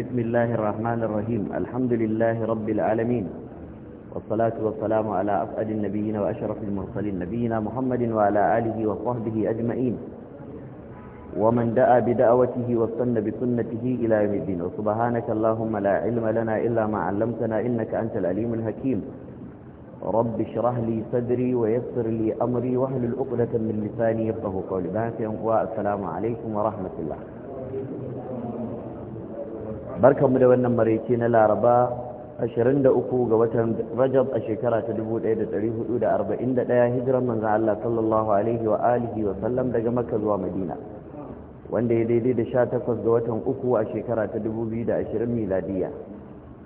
بسم الله الرحمن الرحيم الحمد لله رب العالمين والصلاة والسلام على أفأد النبيين وأشرف المرسلين نبينا محمد وعلى آله وصحبه أجمعين ومن دعا بدعوته واستنى بسنته إلى يوم الدين وسبحانك اللهم لا علم لنا إلا ما علمتنا إنك أنت العليم الحكيم رب اشرح لي صدري ويسر لي أمري واهل عقدة من لساني يفقه قولي بهاتي السلام عليكم ورحمة الله mu da wannan maraice na laraba 23 ga watan rajab a shekara ta 1441 hijiran manzan Allah sallallahu alaihi wa alihi wa sallam daga makka zuwa madina wanda ya daidai da 18 ga watan uku a shekara ta 2020 miladiya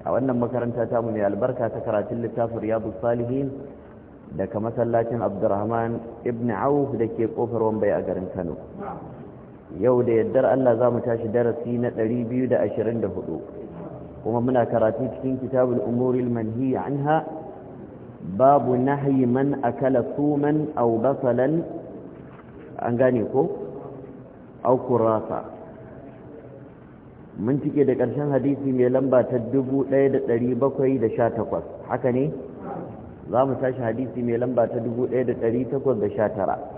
a wannan makaranta ta mu mai albarka ta karatun littafin riyadu salihin daga masallacin abdurrahman ibn auf da ke kofar wambai a garin kano yau da yaddar Allah za mu tashi darasi na ɗari biyu da 224 kuma muna karatu cikin kitabul umuril manhi anha babu nahyi man akala suman aw basalan an gane ko aw kurasa mun cike da ƙarshen hadisi mai lamba ta 1718 haka ne za mu tashi hadisi mai lamba ta 1819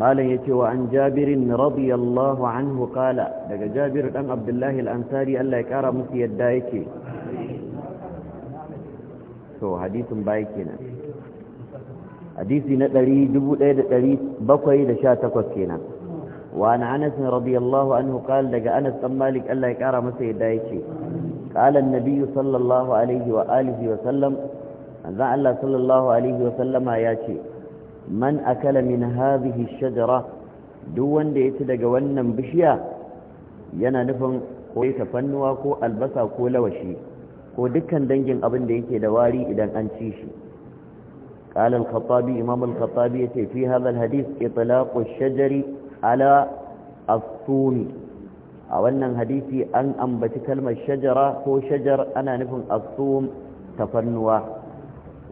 malam ya ce wa an jabirin radiyallahu anhu qala daga jabir dan abdullahi al'ansari Allah ya kara musu yadda yake to hadisin bai kenan hadisi na 1718 kenan wa an anas radiyallahu anhu qala daga anas dan malik Allah ya kara musu yadda yake qala an-nabiy sallallahu alaihi wa alihi wa sallam anza Allah sallallahu alaihi wa sallama yace man akala min hadhihi ash-shajara duk wanda ya ci daga wannan bishiya yana nufin ko ita fannuwa ko albasa ko lawashi ko dukkan dangin abin da yake da wari idan an ci shi qala al-khattabi imam al-khattabi yace fi hadha al-hadith itlaqu ash-shajari ala as a wannan hadisi an ambaci kalmar shajara ko shajar ana nufin as-sun tafannuwa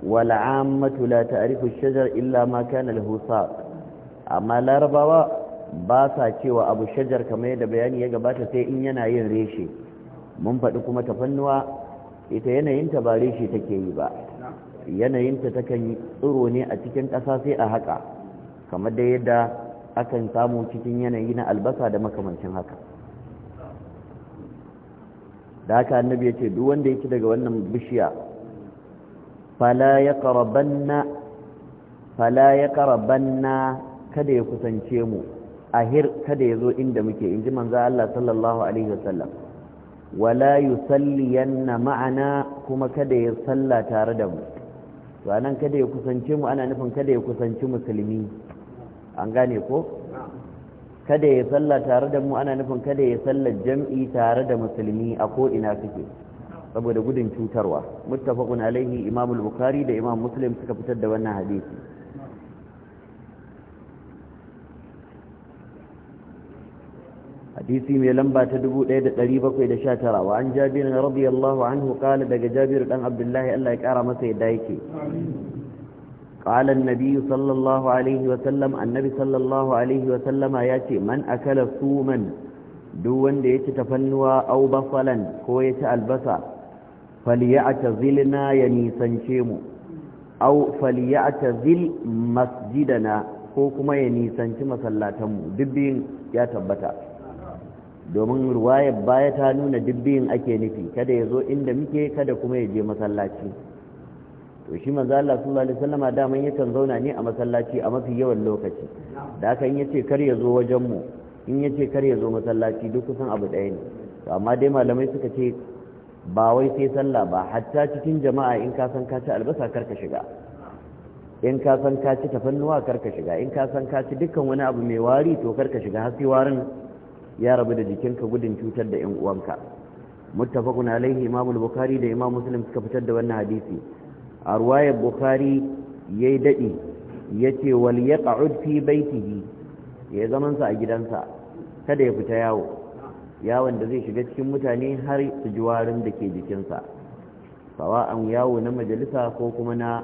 wal'ammatu la ta'rifu shajar illa ma kana lahu saq amma larabawa ba sa cewa abu shajar kamar yadda bayani ya gabata sai in yana yin reshe mun faɗi kuma tafannuwa ita yanayinta ba reshe take yi ba yanayinta takan tsiro ne a cikin ƙasa sai a haƙa kamar da yadda akan samu cikin yanayi na albasa da makamancin haka da haka annabi ya ce duk wanda ya ci daga wannan bishiya fala yaqrabanna fala kada ya kusance mu a ahir kada ya zo inda muke in inji manzo Allah sallallahu alaihi wasallam wala yusalliyanna ma'ana kuma kada ya salla tare da mu to anan kada ya kusance mu ana nufin kada ya kusance musulmi an gane ko kada ya salla tare da mu ana nufin kada ya salla jam'i tare da musulmi a ko ina suke saboda gudun cutarwa muttafaqun alaihi imam al-bukhari da imam muslim suka fitar da wannan hadisi hadisi mai lamba ta 1719 wa an jabir radiyallahu anhu qala daga jabir dan abdullahi Allah ya kara masa yadda yake قال النبي صلى الله عليه وسلم النبي صلى الله عليه وسلم ياتي من اكل صوما دو wanda yace tafannuwa aw basalan ko yace albasa falyatazilna ya nisance mu Au aw zil masjidana ko kuma ya nisanci masallatan mu dubbin ya tabbata domin ruwaya baya ta nuna dubbin ake nufi kada ya zo inda muke kada kuma ya je masallaci to shi manzo Allah sallallahu alaihi wasallama daman yakan zauna ne a masallaci a mafi yawan lokaci da haka in yace kar ya zo wajen mu in yace kar ya zo masallaci duk kusan abu ɗaya ne to amma dai malamai suka ce ba wai sai sallah ba hatta cikin jama'a in ka san ka ci albasa karka shiga in ka san ka ci tafannuwa karka shiga in ka san ka ci dukkan wani abu mai wari to karka shiga har sai warin ya rabu da jikinka gudun cutar da yan uwanka muttafaqun alaihi imam al-bukhari da imam muslim suka fitar da wannan hadisi a ruwayar bukhari yayi dadi yace wal yaq'ud fi baitihi ya zaman sa a gidansa kada ya fita yawo yawon da zai shiga cikin mutane har su da ke jikinsa sawa'an yawo na majalisa ko kuma na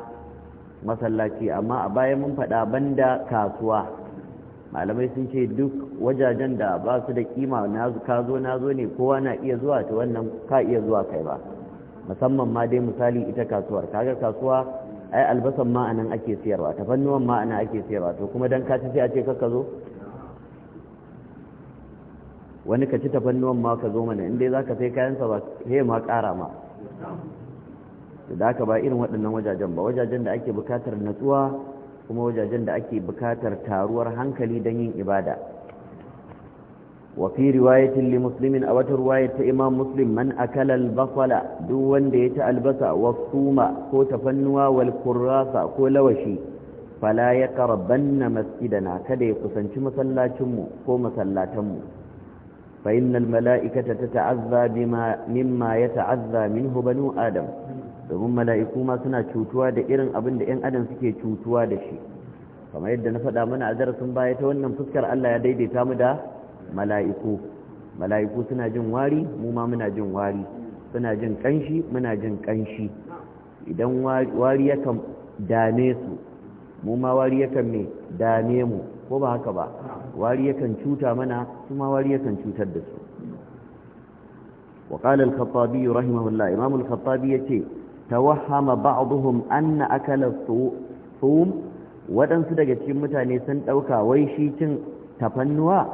masallaci amma a baya mun faɗa banda kasuwa malamai sun ce duk wajajen da ba su da kima na ka zo na zo ne kowa na iya zuwa ta wannan ka iya zuwa kai ba musamman ma dai misali ita kasuwar kaga kasuwa ai albasan ma anan ake siyarwa tafannuwan ma anan ake siyarwa to kuma dan ka ci sai a ce ka zo wani ka ci tafannuwan ma ka zo mana inda za ka sai kayansa ba he ma ƙara ma da haka ba irin waɗannan wajajen ba wajajen da ake bukatar natsuwa kuma wajajen da ake bukatar taruwar hankali don yin ibada wafi fi riwayatin li muslimin a wata riwayar ta imam muslim man akala albasala duk wanda ya ci albasa wa suma ko tafannuwa wal kurrasa ko lawashi fala ya qarabbanna masjidana kada ya kusanci masallacinmu ko masallatanmu فإن الملائكة تتعذى بما مما يتعذى منه بنو آدم domin mala'iku ma suna cutuwa da irin abin da ‘yan adam suke cutuwa da shi kamar yadda na faɗa mana a darasin baya ta wannan fuskar Allah ya daidaita mu da mala'iku mala'iku suna jin wari mu ma muna jin wari suna jin ƙanshi muna jin ƙanshi idan wari yakan dame su mu ma wari yakan me dame mu ko ba haka ba wari yakan cuta mana kuma wari yakan cutar da su وقال الخطابي رحمه الله إمام الخطابي يتي توهم بعضهم أن أكل الثوم waɗansu daga cikin mutane sun ɗauka wai shi cin tafannuwa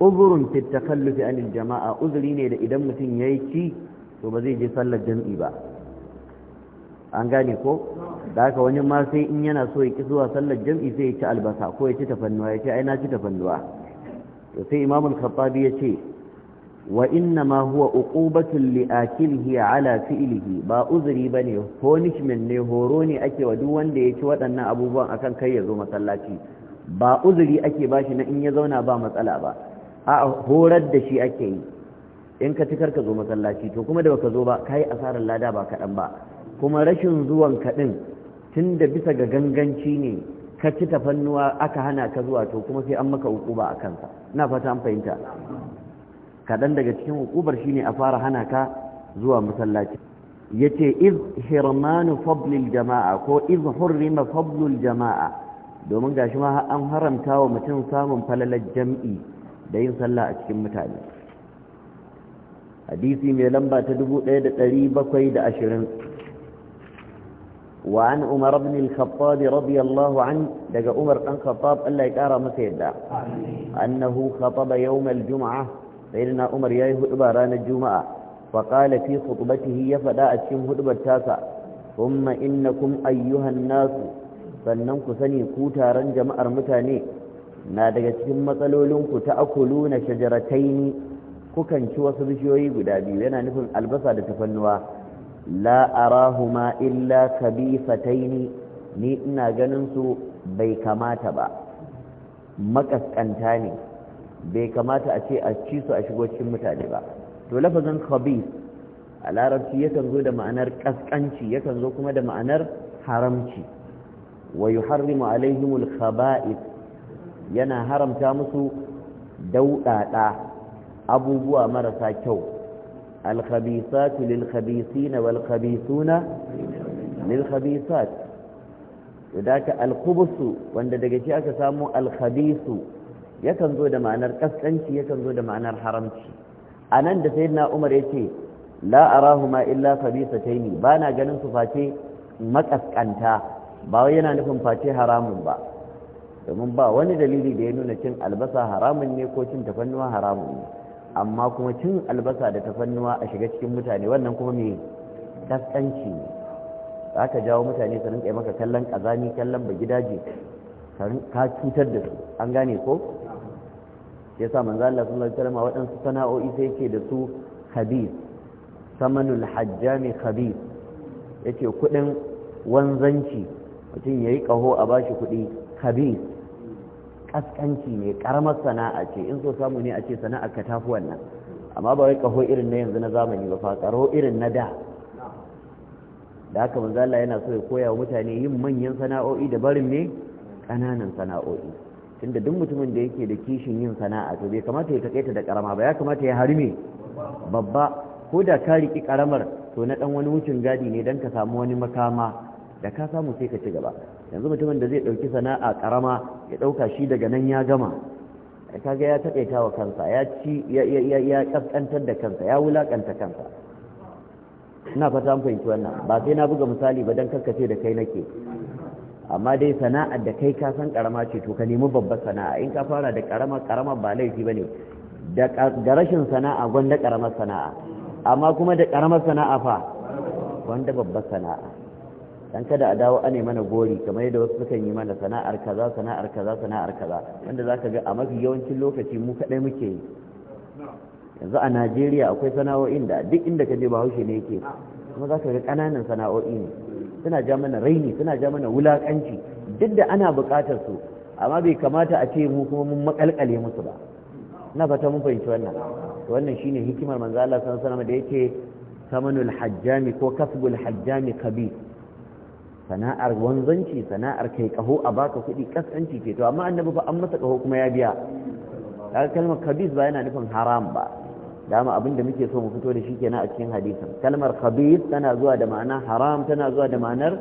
uzurin fi takallufi anil jama'a uzuri ne da idan mutum ya yi ci to ba zai je sallar jam'i ba an gane ko da haka wani ma sai in yana so ya ki zuwa sallar jam'i sai ya ci albasa ko ya ci tafannuwa ya ce ai na ci tafannuwa to sai imam al-khattabi ya ce wa inna ma huwa uqubatun li akilihi ala fi'lihi ba uzuri bane punishment ne horo ne ake wa duk wanda ya ci waɗannan abubuwan akan kai ya zo masallaci ba uzuri ake bashi na in ya zauna ba matsala ba a horar da shi ake yi in ka ci ka zo masallaci to kuma da baka zo ba kai asarar lada ba kaɗan ba kuma rashin zuwan kaɗin tun da bisa ga ganganci ne ka ci tafannuwa aka hana ka zuwa to kuma sai an maka hukuba a kansa na fata an fahimta kaɗan daga cikin hukubar ne a fara hana ka zuwa masallaci Ya ce iz hirmanu fadlil jama'a ko iz hurrima fadlul jama'a domin gashi ma an haramta wa mutum samun falalar jam'i da yin sallah a cikin mutane hadisi mai lamba ta 1720 وعن عمر بن الخطاب رضي الله عنه دقى عمر بن الخطاب الله يقارى مسيدا أنه خطب يوم الجمعة سيدنا عمر يايه إباران الجمعة فقال في خطبته يفدا أتشم هدب التاسع ثم إنكم أيها الناس فلننك سني كوتارا جمع المتاني نادقى تشم مطلولنك تأكلون شجرتين كوكا شوى صبشوي قدابي وانا نفهم البصر تفنوا la arahuma illa kabifataini ni ina ganin su bai kamata ba makaskanta ne bai kamata a ce a ci su a shigo cikin mutane ba to lafazin khabith a larabci yakan zo da ma'anar kaskanci yakan zo kuma da ma'anar haramci wa yuharrimu alaihimul khaba'ith yana haramta musu daudada abubuwa marasa kyau الخبيثات للخبيثين والخبيثون للخبيثات وذاك الخبث وند daga shi aka samu alkhabisu yakan zo da ma'anar kaskanci yakan zo da ma'anar haramci anan da sayyidina Umar yace la arahuma illa khabisataini bana ganin su face makaskanta ba wai yana nufin face haramun ba domin ba wani dalili da ya nuna cin albasa haramun ne ko cin tafannuwa haramun ne amma kuma cin albasa da tafannuwa a shiga cikin mutane wannan kuma mai kaskanci ne za ka jawo mutane su rinka maka kallon kazani kallon ba gidaje ka cutar da su an gane ko ya sa manzo Allah sallallahu alaihi wasallam waɗansu sana'o'i sai ke da su khabith samanul hajjami khabith yake kuɗin wanzanci mutum yayi ƙaho a bashi kuɗi khabith kaskanci ne karamar sana'a ce in so samu ne a ce sana'ar ka tafi wannan amma ba wai kaho irin na yanzu na zamani ba fa karo irin na da da haka manzo Allah yana so ya koya wa mutane yin manyan sana'o'i da barin me kananan sana'o'i tunda duk mutumin da yake da kishin yin sana'a to bai kamata ya takaita da karama ba ya kamata ya harme babba ko da ka riki karamar to na dan wani wucin gadi ne dan ka samu wani makama da ka samu sai ka ci gaba yanzu mutumin da zai ɗauki sana'a ƙarama ya ɗauka shi daga nan ya gama kaga ya taƙaita wa kansa ya ci ya ƙasƙantar da kansa ya wulaƙanta kansa ina fata an fahimci wannan ba sai na buga misali ba don karkace da kai nake amma dai sana'ar da kai ka san ƙarama ce to ka nemi babbar sana'a in ka fara da ƙarama ƙarama ba laifi ba ne da rashin sana'a gwanda ƙaramar sana'a amma kuma da ƙaramar sana'a fa gwanda babbar sana'a dan kada a dawo ane mana gori kamar yadda wasu sukan yi mana sana'ar kaza sana'ar kaza sana'ar kaza wanda zaka ga a mafi yawancin lokaci mu kadai muke yi yanzu a Najeriya akwai sana'o'in da duk inda ka je Bahaushe ne yake kuma zaka ga kananan sana'o'i ne suna ja mana raini suna ja mana wulakanci duk da ana bukatar su amma bai kamata a ce mu kuma mun makalkale musu ba na fata mun fahimci wannan wannan shine hikimar manzo Allah sallallahu alaihi wasallam da yake samanul hajjami ko kasbul hajjami kabir sana'ar wanzanci sana'ar kai kaho a baka kuɗi kaskanci ce to amma annabi fa an masa kaho kuma ya biya kaga kalmar khabis ba yana nufin haram ba dama abin da muke so mu fito da shi kenan a cikin hadisin kalmar khabis tana zuwa da ma'ana haram tana zuwa da ma'anar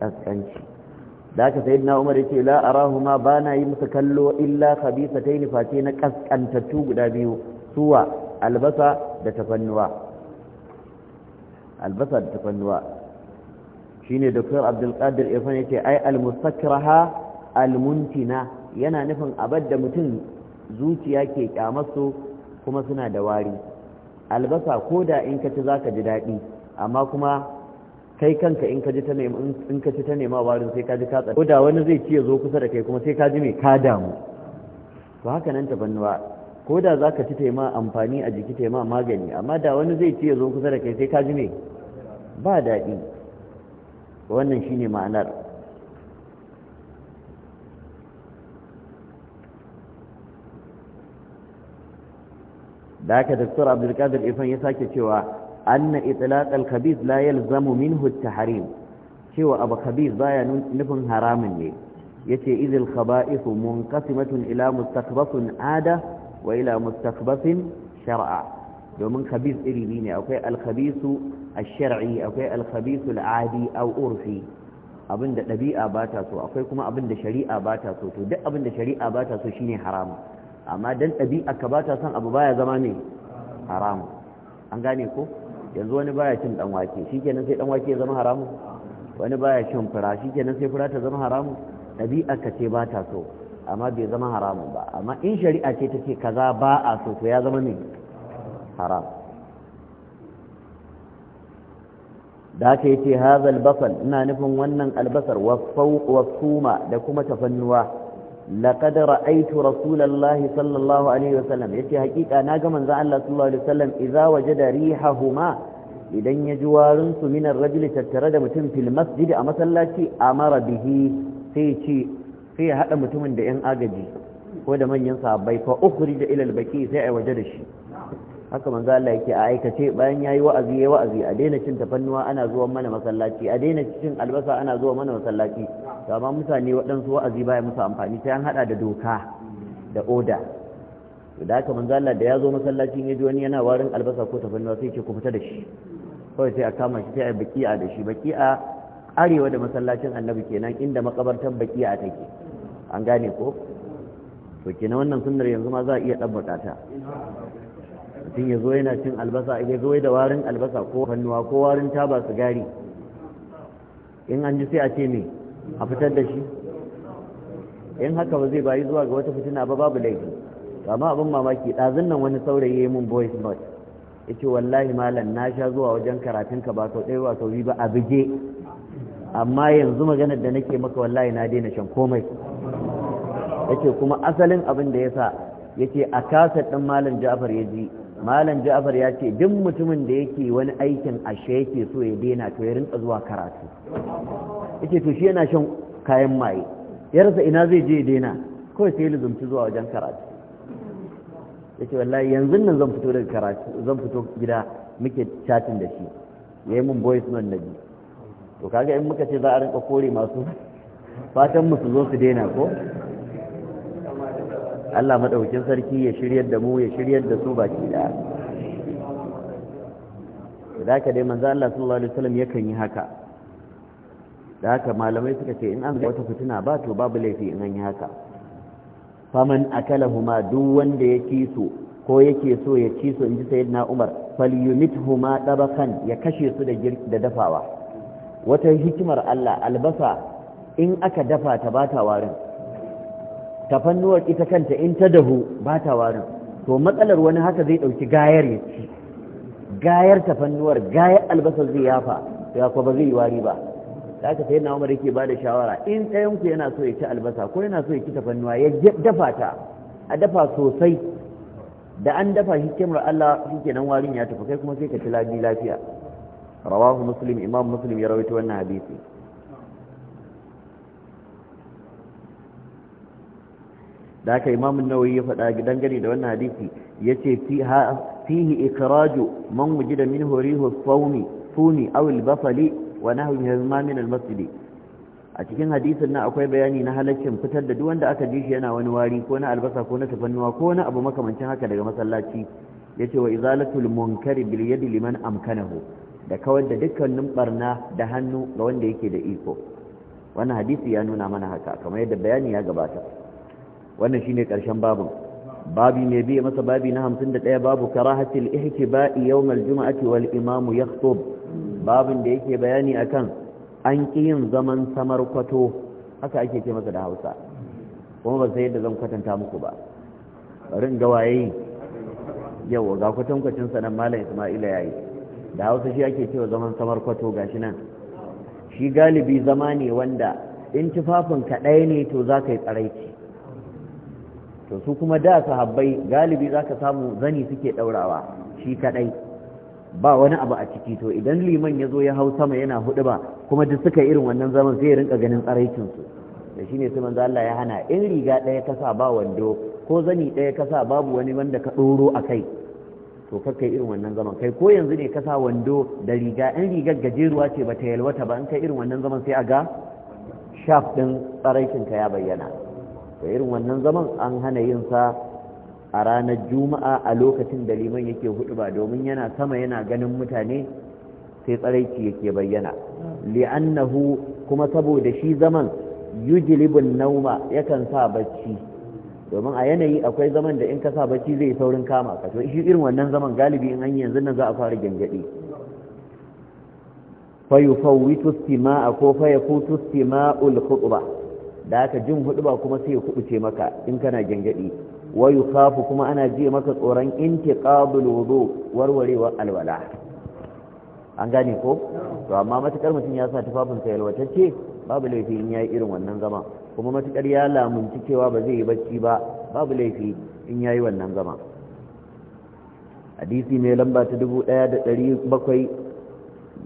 kaskanci da haka sayyidina umar yace la arahuma bana yi musu kallo illa khabisatayn fati na kaskantattu guda biyu suwa albasa da tafannuwa albasa da tafannuwa shine doktor abdulkadir irfan ya ce ai al muntina yana nufin abadda da mutum zuciya ke kyamarsu kuma suna da wari albasa ko da in ka ci zaka ji daɗi amma kuma kai kanka in ka ji ta nema in ka ci ta nema warin sai ka ji ka tsada ko da wani zai ci ya zo kusa da kai kuma sai ka ji mai ka damu to haka nan tabannuwa ko da zaka ci taima amfani a jiki taima magani amma da wani zai ci ya zo kusa da kai sai ka ji mai ba daɗi wannan shine ma'anar da haka daktar abdulkadir ifan ya sake cewa anna itlaq al-khabith la yalzamu minhu at-tahrim cewa abu khabith baya nufin haramun ne yace idil khaba'ith munqasimatun ila mustaqbathin ada wa ila mustaqbathin shar'a domin khabis iri biyu ne akwai alkhabisu a shari akwai alkhabisu al a aw urfi abinda ɗabi'a ba ta so akwai kuma abinda shari'a ba ta so to duk abinda shari'a ba ta so shine haramu amma dan dabi'a ka ba ta son abu baya zama ne haramu an gane ko yanzu wani baya cin dan wake shikenan sai dan wake ya zama haramu wani baya cin fura shikenan sai fura ta zama haramu dabi'a ka ce ba ta so amma bai zama haramun ba amma in shari'a ce ta ce kaza ba a so to ya zama ne haram da aka yi ce hazal basal ina nufin wannan albasar wasuma da kuma tafannuwa laqad ra'aytu rasulullahi sallallahu alaihi wasallam yace hakika na ga manzo Allah sallallahu alaihi wasallam idza wajada rihahuma idan ya ji warin su minar rajuli tattare da mutum fil masjid a masallaci a mara bihi sai ce sai ya hada mutumin da yan agaji ko da manyan sahabbai fa ukhrij ila al-baqi sai ai waje da shi haka manzo Allah yake a aikace bayan yayi wa'azi yayi wa'azi a daina cin tafannuwa ana zuwa mana masallaci a daina cin albasa ana zuwa mana masallaci to amma mutane waɗansu wa'azi baya musu amfani sai an hada da doka da oda to da haka manzo Allah da ya zo masallacin ya ji wani yana warin albasa ko tafannuwa sai ce ku fita da shi kawai sai a kama shi sai a baki'a da shi baki'a arewa da masallacin annabi kenan inda makabartar baki'a take an gane ko to kenan wannan sunnar yanzu ma za a iya ɗabbaka ta mutum ya zo yana cin albasa ya zo da warin albasa ko hannuwa ko warin taba sigari in an ji sai a ce ne a fitar da shi in haka ba zai bayi zuwa ga wata fitina ba babu laifi amma abin mamaki ɗazun nan wani saurayi ya mun voice note ya ce wallahi malam na sha zuwa wajen karatunka ba sau ɗaya ba sau biyu ba a bige amma yanzu maganar da nake maka wallahi na daina shan komai ya ce kuma asalin abin da ya sa ya ce a kasar ɗin malam ja'far ya ji malam ja'far ya ce duk mutumin da yake wani aikin ashe yake so ya daina to ya rinka zuwa karatu yake to shi yana shan kayan maye ya rasa ina zai je ya daina kawai sai ya luzumci zuwa wajen karatu yake wallahi yanzu nan zan fito daga karatu zan fito gida muke chatin da shi Yai mun boys nan na ji to kaga in muka ce za a rinka kore masu fatan mu su zo su daina ko Allah maɗaukin sarki ya shiryar da mu ya shiryar da su baki daya da haka dai manzo Allah sallallahu alaihi wasallam yakan yi haka da haka malamai suka ce in an ga wata fitina ba to babu laifi in an yi haka faman akalahuma duk wanda ya ci su ko yake so ya ci su inji sayyidina Umar falyumithuma dabakan ya kashe su da da dafawa wata hikimar Allah albasa in aka dafa ta bata warin tafannuwar ita kanta in ta dahu ba ta warin to matsalar wani haka zai ɗauki gayar ya ci gayar tafannuwar gayar albasar zai yafa ya kuma ba zai yi wari ba haka sai na umar yake ba da shawara in ɗayan yana so ya ci albasa ko yana so ya ci tafannuwa ya dafa ta a dafa sosai da an dafa shi kemar Allah shi kenan warin ya tafi kai kuma sai ka ci lafiya rawahu muslim imam muslim ya rawaito wannan hadisi da haka imam ya faɗa dangane da wannan hadisi ya fi ha fihi ikiraju man da min horiho funi aw basali wa na ma mamin al a cikin hadisin nan akwai bayani na halaccin fitar da duk wanda aka ji shi yana wani wari ko na albasa ko na tafannuwa ko na abu makamancin haka daga masallaci yace wa izalatul munkari bil yadi liman amkanahu da kawar da dukkanin barna da hannu ga wanda yake da iko wannan hadisi ya nuna mana haka kamar yadda bayani ya gabata wannan shine karshen babin babi ne biye masa babi na 51 babu karahatil ihtiba'i yawmal juma'ati wal imam yakhutub babin da yake bayani akan an ki yin zaman samar kwato haka ake ce masa da Hausa kuma ba sai yadda zan kwatanta muku ba bari in ga waye yawa ga kwatankwacin sanan malam Isma'ila yayi da Hausa shi ake cewa zaman samar kwato gashi nan shi galibi zama ne wanda in tufafin ka ɗaya ne to za ka yi tsaraici to su kuma da sahabbai galibi zaka samu zani suke daurawa shi kadai ba wani abu a ciki to idan liman ya zo ya hau sama yana hudu ba kuma duk suka irin wannan zaman sai ya rinka ganin su da shi ne manzo Allah ya hana in riga ɗaya kasa ba wando ko zani ɗaya kasa babu wani wanda ka ɗoro akai to kakka irin wannan zaman kai ko yanzu ne kasa wando da riga in rigar gajeruwa ce ba ta yalwata ba in kai irin wannan zaman sai a ga shaf ɗin ka ya bayyana da irin wannan zaman an hana yin sa a ranar juma'a a lokacin da liman yake hudu ba domin yana sama yana ganin mutane sai tsaraici yake bayyana li'annahu kuma saboda shi zaman yujlibun nauma yakan sa bacci domin a yanayi akwai zaman da in ka sa bacci zai saurin kama ka to shi irin wannan zaman galibi in an yanzu nan za a fara gangadi fa yufawwitu istima'a ko fa yakutu istima'ul khutbah da aka jin hudu ba kuma sai ya kubuce maka in kana gyangyaɗi wa yukhafu kuma ana ji maka tsoron intiqadul wudu warwarewa alwala an gane ko to amma matukar mutum ya sa tufafin sa yalwatacce babu laifi in yayi irin wannan zama kuma matukar ya lamunci cewa ba zai yi bacci ba babu laifi in yayi wannan zama hadisi mai lamba ta bakwai.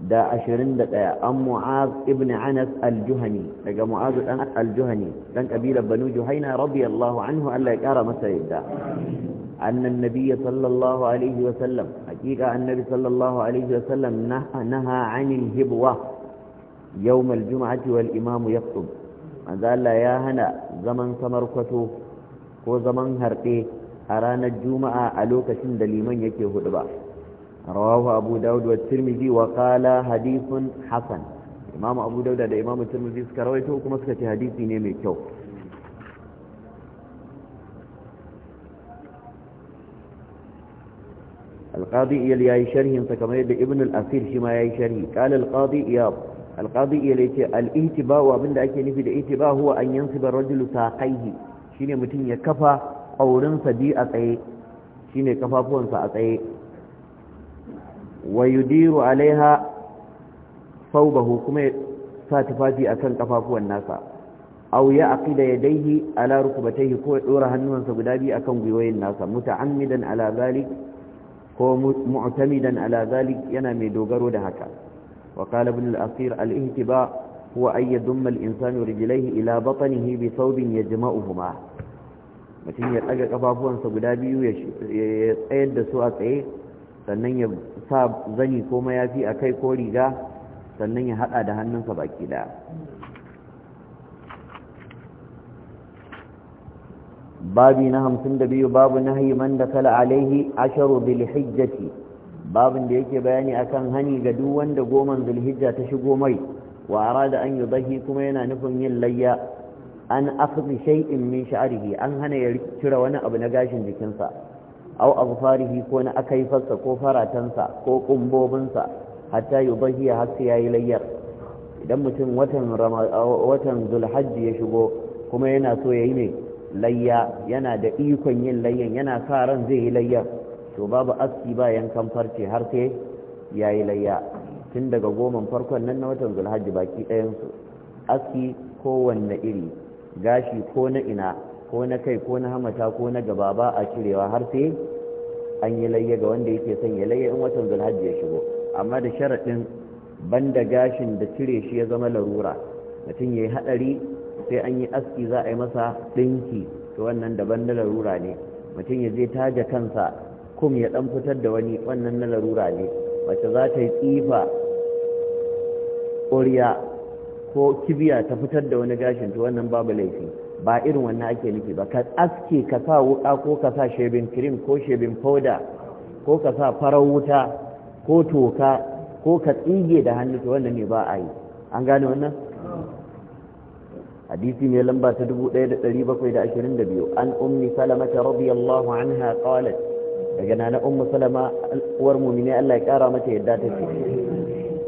da ashirin da ɗaya an mu'az ibn anas al-juhani daga mu'az dan al-juhani dan kabilar banu juhaina radiyallahu anhu Allah ya kara masa yadda annan nabiyyi sallallahu alaihi wa sallam hakika annabi sallallahu alaihi wa sallam naha anil hibwa yawm al-jum'ati wal imam yaktub manzo Allah ya hana zaman samarkwato ko zaman harɗe a ranar juma'a a lokacin da liman yake hudu ba رواه أبو داود والترمذي وقال حديث حسن إمام أبو داود هذا إمام الترمذي سكرويته كما سكت حديثي نيمي كو القاضي إيال ياي شرح فكما يد ابن الأثير شما ياي شرح قال القاضي إياب القاضي إيال الإهتباء وابن دعك نفي الإهتباء هو أن ينصب الرجل ساقيه شين متين يكفى قورن صديق أطيه شين كفى فون سأطيه wa yudiru alaiha saubahu kuma ya sa tufafi akan kafafuwan nasa aw ya aqida yadayhi ala rukbatayhi ko ya dora hannuwansa guda biyu akan gwiwoyin nasa muta'ammidan ala zalik ko mu'tamidan ala zalik yana mai dogaro da haka wa qala ibn al-asir al-ihtiba huwa ay yadumma al-insanu rijlayhi ila batnihi bi thawbin yajma'uhuma mutum ya daga kafafuwansa guda biyu ya tsayar da su a tsaye sannan ya sa zani ko mayafi a kai ko riga sannan ya hada da hannunsa baki ɗaya babi na hamsin da biyu babu na haiman da kala alaihi asharu bilhijjati babin da yake bayani akan hani ga duk wanda goman zulhijja ta shigo mai wa arada an yudahi kuma yana nufin yin layya an akhdhi shay'in min sha'rihi an hana ya cire wani abu na gashin jikinsa aw afarihi ko na akaifarsa ko faratansa ko kumbobinsa hatta yubahiya har sai yayi layyar idan mutum watan watan zulhajji ya shigo kuma yana so yayi ne layya yana da ikon yin layyan yana sa ran zai yi layyar to babu aski ba yankan farce har sai yayi layya tun daga goman farkon nan na watan zulhajji baki ɗayansu aski kowanne iri gashi ko na ina ko na kai ko na hamata ko na gaba ba a cirewa har sai an yi layya ga wanda yake son ya layya in watan zulhajji ya shigo amma da sharaɗin banda gashin da cire shi ya zama larura mutum ya yi haɗari sai an yi aski za a yi masa ɗinki to wannan daban na larura ne mutum ya je taja kansa kum ya ɗan fitar da wani wannan na larura ne mace za ta yi tsifa ƙuriya ko kibiya ta fitar da wani gashin to wannan babu laifi ba irin wannan ake nufi ba ka aske ka sa wuka ko ka sa shebin cream ko shebin powder ko ka sa farar wuta ko toka ko ka tsige da hannu to wannan ne ba a yi an gane wannan hadisi mai lamba ta 1722 an ummi salama ta radiyallahu anha qalat daga nana ummu salama uwar mu'mini Allah ya kara mata yadda ce.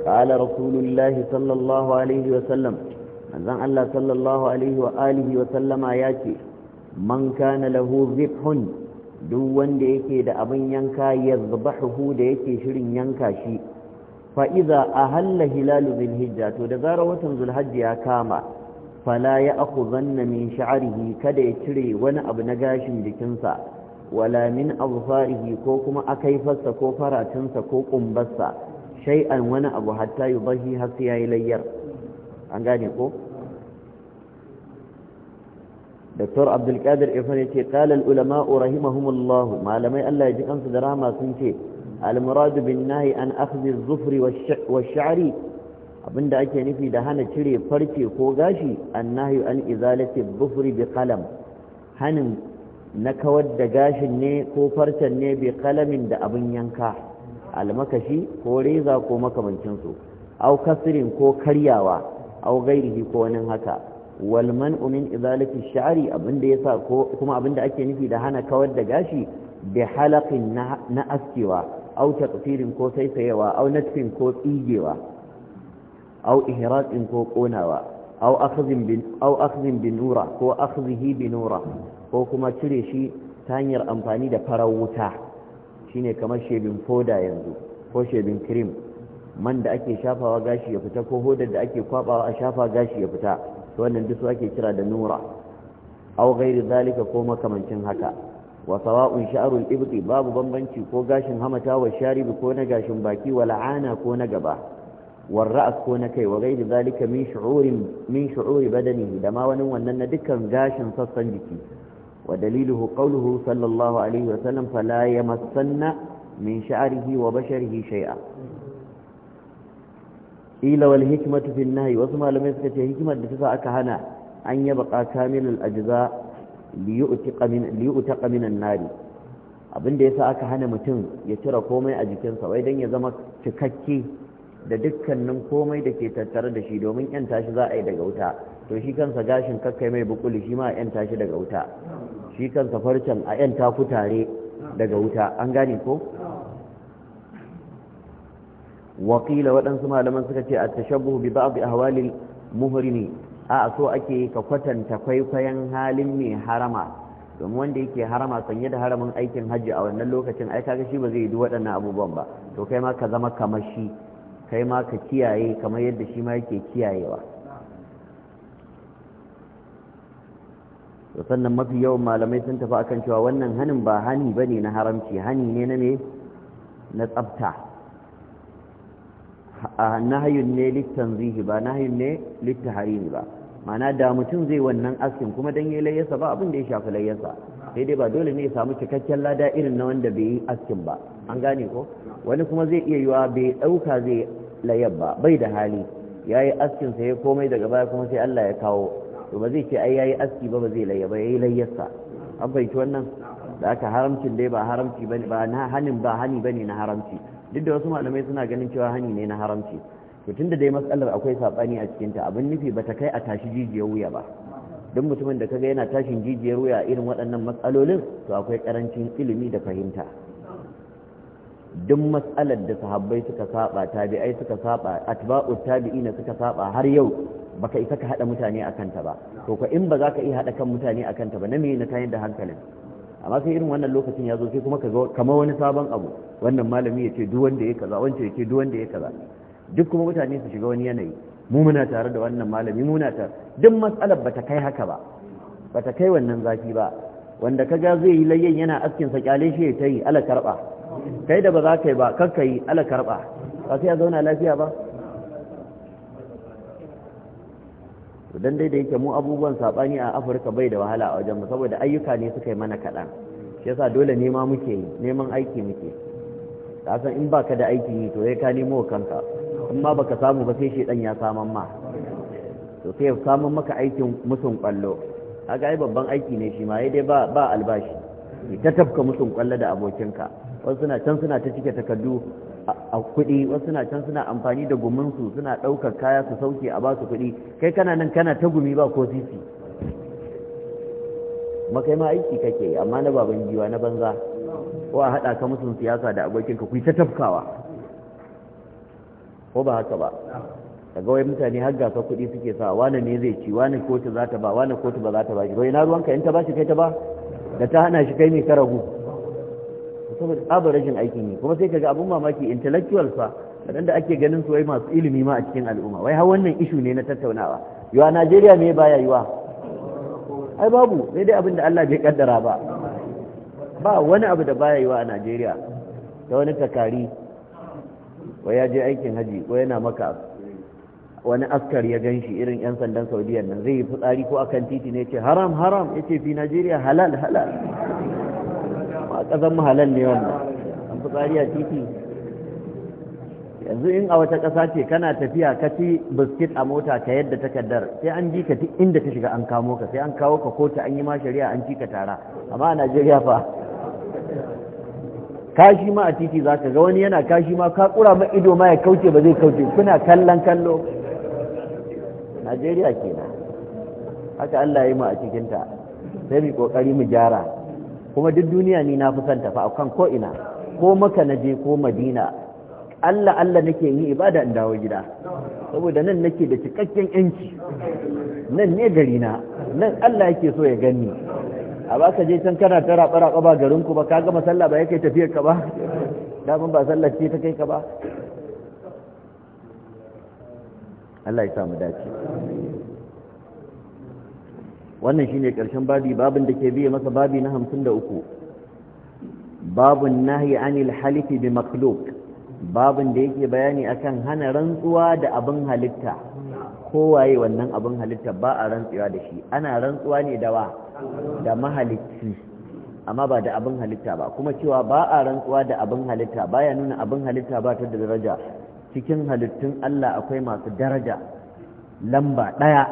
qala rasulullahi sallallahu alaihi wa sallam manzon Allah sallallahu alaihi wa alihi wa sallama ya ce man kana lahu zibhun duk wanda yake da abin yanka yazbahu da yake shirin yanka shi fa a ahalla hilalu zilhijja to da zara watan zulhajji ya kama fala ya akhuzanna min sha'rihi kada ya cire wani abu na gashin jikinsa wala min azfarihi ko kuma akaifarsa ko faratinsa ko kumbarsa shay'an wani abu hatta yubahi har yayi layyar an gane ko Dr. Abdulkadir Ifan yace qala al-ulama rahimahumullah malamai Allah ya ji kansu da rama sun ce al-murad bin nahi an akhdhi az-zufri wash-sha'ri abinda ake nufi da hana cire farce ko gashi nahi an izalati az-zufri bi qalam hanin na kawar da gashin ne ko farcen ne bi qalamin da abin yanka almakashi ko reza ko makamancinsu au kasirin ko karyawa au gairihi ko wani haka walman man'u min izalati sha'ri abinda yasa ko kuma abinda ake nufi da hana kawar da gashi bi halaqin na askewa aw taqfirin ko saisayewa aw natfin ko tsigewa aw ihraqin ko konawa aw akhzin bin nura ko akhzihi bin nura ko kuma cire shi ta hanyar amfani da farar wuta shine kamar shebin foda yanzu ko shebin cream man da ake shafawa gashi ya fita ko hodar da ake kwabawa a shafa gashi ya fita to wannan duk ake kira da nura aw ghairi zalika ko makamancin haka wa sawa'un sha'rul ibti babu bambanci ko gashin hamata wa sharibi ko na gashin baki wa la'ana ko na gaba wa ra'as ko na kai wa ghairi zalika min shu'urin min shu'uri badanihi da ma wani wannan na dukkan gashin sassan jiki wa daliluhu qawluhu sallallahu alaihi wa sallam fala yamassanna min sha'rihi wa basharihi shay'a ila wal hikmatu fil nahi wasu malamai suka ce hikimar da tasa aka hana an yaba kamilul ajza li yu'tiqa min li min an-nar abinda yasa aka hana mutum ya cire komai a jikin jikinsa wai dan ya zama cikakke da dukkanin komai da ke tattare da shi domin yan tashi za a yi daga wuta to shi kansa gashin kakkai mai bukuli shi ma yan tashi daga wuta shi kansa farcen a yan tare daga wuta an gane ko wakila waɗansu malaman suka ce a tashabbuhu bi ba'd ahwalil muhrimi a so ake ka kwatanta kwaikwayon halin mai harama domin wanda yake harama sanye da haramin aikin hajji a wannan lokacin ai kaga shi ba zai yi waɗannan abubuwan ba to kai ma ka zama kamar shi kai ma ka kiyaye kamar yadda shi ma yake kiyayewa to sannan mafi yawan malamai sun tafi akan cewa wannan hanin ba hani bane na haramci hani ne na me na tsafta nahayun ne littan zihi ba nahayun ne harini ba mana da mutum zai wannan askin kuma dan yi layyasa ba abin da ya shafi layyasa sai dai ba dole ne ya samu cikakken lada irin na wanda bai yi askin ba an gane ko wani kuma zai iya yiwa bai dauka zai layyar ba bai da hali ya yi askin sai ya komai daga baya kuma sai Allah ya kawo to ba zai ce ai yayi aski ba ba zai layya ba yayi layyarsa an fahimci wannan da aka haramcin dai ba haramci bane ba na hanin ba hani bane na haramci duk da wasu malamai suna ganin cewa hani ne na haramci to tunda dai matsalar akwai sabani a cikin ta abin nufi bata kai a tashi jijiyar wuya ba duk mutumin da kaga yana tashin jijiyar wuya irin waɗannan matsalolin to akwai karancin ilimi da fahimta duk matsalar da sahabbai suka saba tabi'ai suka saba atba'u tabi'ina suka saba har yau baka isa ka hada mutane akan ta ba to ko in ba za ka iya hada kan mutane akan ta ba na me na tayar da hankalin amma sai irin wannan lokacin ya zo sai kuma ka kamar wani sabon abu wannan malami ya ce duk wanda ya kaza wancan ya ce duk wanda ya kaza duk kuma mutane su shiga wani yanayi mu muna tare da wannan malami mu muna tare duk matsalar bata kai haka ba bata kai wannan zafi ba wanda ka ga zai yi layyan yana askin sa kyale shi ya tayi ala karba kai da ba za ka yi ba kakkai ala karba ba sai ya zauna lafiya ba to dan dai da yake mu abubuwan saɓani a Afirka bai da wahala a wajen mu saboda ayyuka ne suka yi mana kaɗan shi yasa dole nema muke yi neman aiki muke ka san in baka da aiki yi to sai ka nemo kanka in ma baka samu ba sai shedan ya saman ma to sai saman maka aikin musun kwallo kaga ai babban aiki ne shi ma dai ba albashi ita tafka musun kwallo da abokinka wasu suna can suna ta cike takardu a kuɗi wasu suna can suna amfani da guminsu suna ɗaukar kaya su sauke a basu kuɗi kai kana nan kana ta gumi ba ko sisi makai ma aiki kake amma na baban giwa na banza ko a haɗa ka musun siyasa da abokinka ku yi ta tafkawa ko ba haka ba daga wai mutane har gasa kuɗi suke sa wane ne zai ci wane kotu za ta ba wane kotu ba za ta ba shi ruwanka in ta ba shi kai ta ba da ta hana shi kai mai karagu saboda abu rashin aikin yi kuma sai kaga abun mamaki intellectual fa da ake ganin su wai masu ilimi ma a cikin al'umma wai har wannan ishu ne na tattaunawa yiwa Najeriya me baya yiwa ai babu sai dai abin da Allah bai kaddara ba ba wani abu da baya yiwa a Najeriya ta wani takari wai ya je aikin haji wai yana maka wani askar ya gan shi irin 'yan sandan saudiya nan zai yi fitsari ko akan titi ne ya ce haram haram ya ce fi najeriya halal halal Ƙazan mahalan ne wannan an tsari a titi yanzu in a wata ƙasa ce kana tafiya ka ci biskit a mota ka yadda takardar sai an ji ka ti inda ta shiga an kamo ka sai an kawo ka kotu an yi ma shari'a an ci ka tara amma a najeriya fa kashi ma a titi za ka ga wani yana kashi ma ka kura ma ido ma ya kauce ba zai kauce kuna kallon kallo najeriya kenan haka allah ya yi mu a cikinta sai mu kokari mu gyara kuma duk duniya ni na fi son tafi a kan ko'ina ko maka na je ko madina allah allah nake yi ibada in dawo gida saboda nan nake da cikakken yanci nan ne gari na nan allah yake so ya gani a ba ka je can kana ta tsara ba garin ku ba ka gama sallah ba yake tafiyar ka ba damin ba sallah ce ta kai ka ba allah ya samu dace wannan shi ne ƙarshen babi babin da ke biye masa babi na hamsin da 53 babun nahyi anil halifi bi makhluk babin da yake bayani akan hana rantsuwa da abin halitta kowaye wannan abin halitta ba a rantsuwa da shi ana rantsuwa ne da da mahalicci amma ba da abin halitta ba kuma cewa ba a rantsuwa da abin halitta baya nuna abin halitta ba ta da daraja cikin halittun Allah akwai masu daraja lamba ɗaya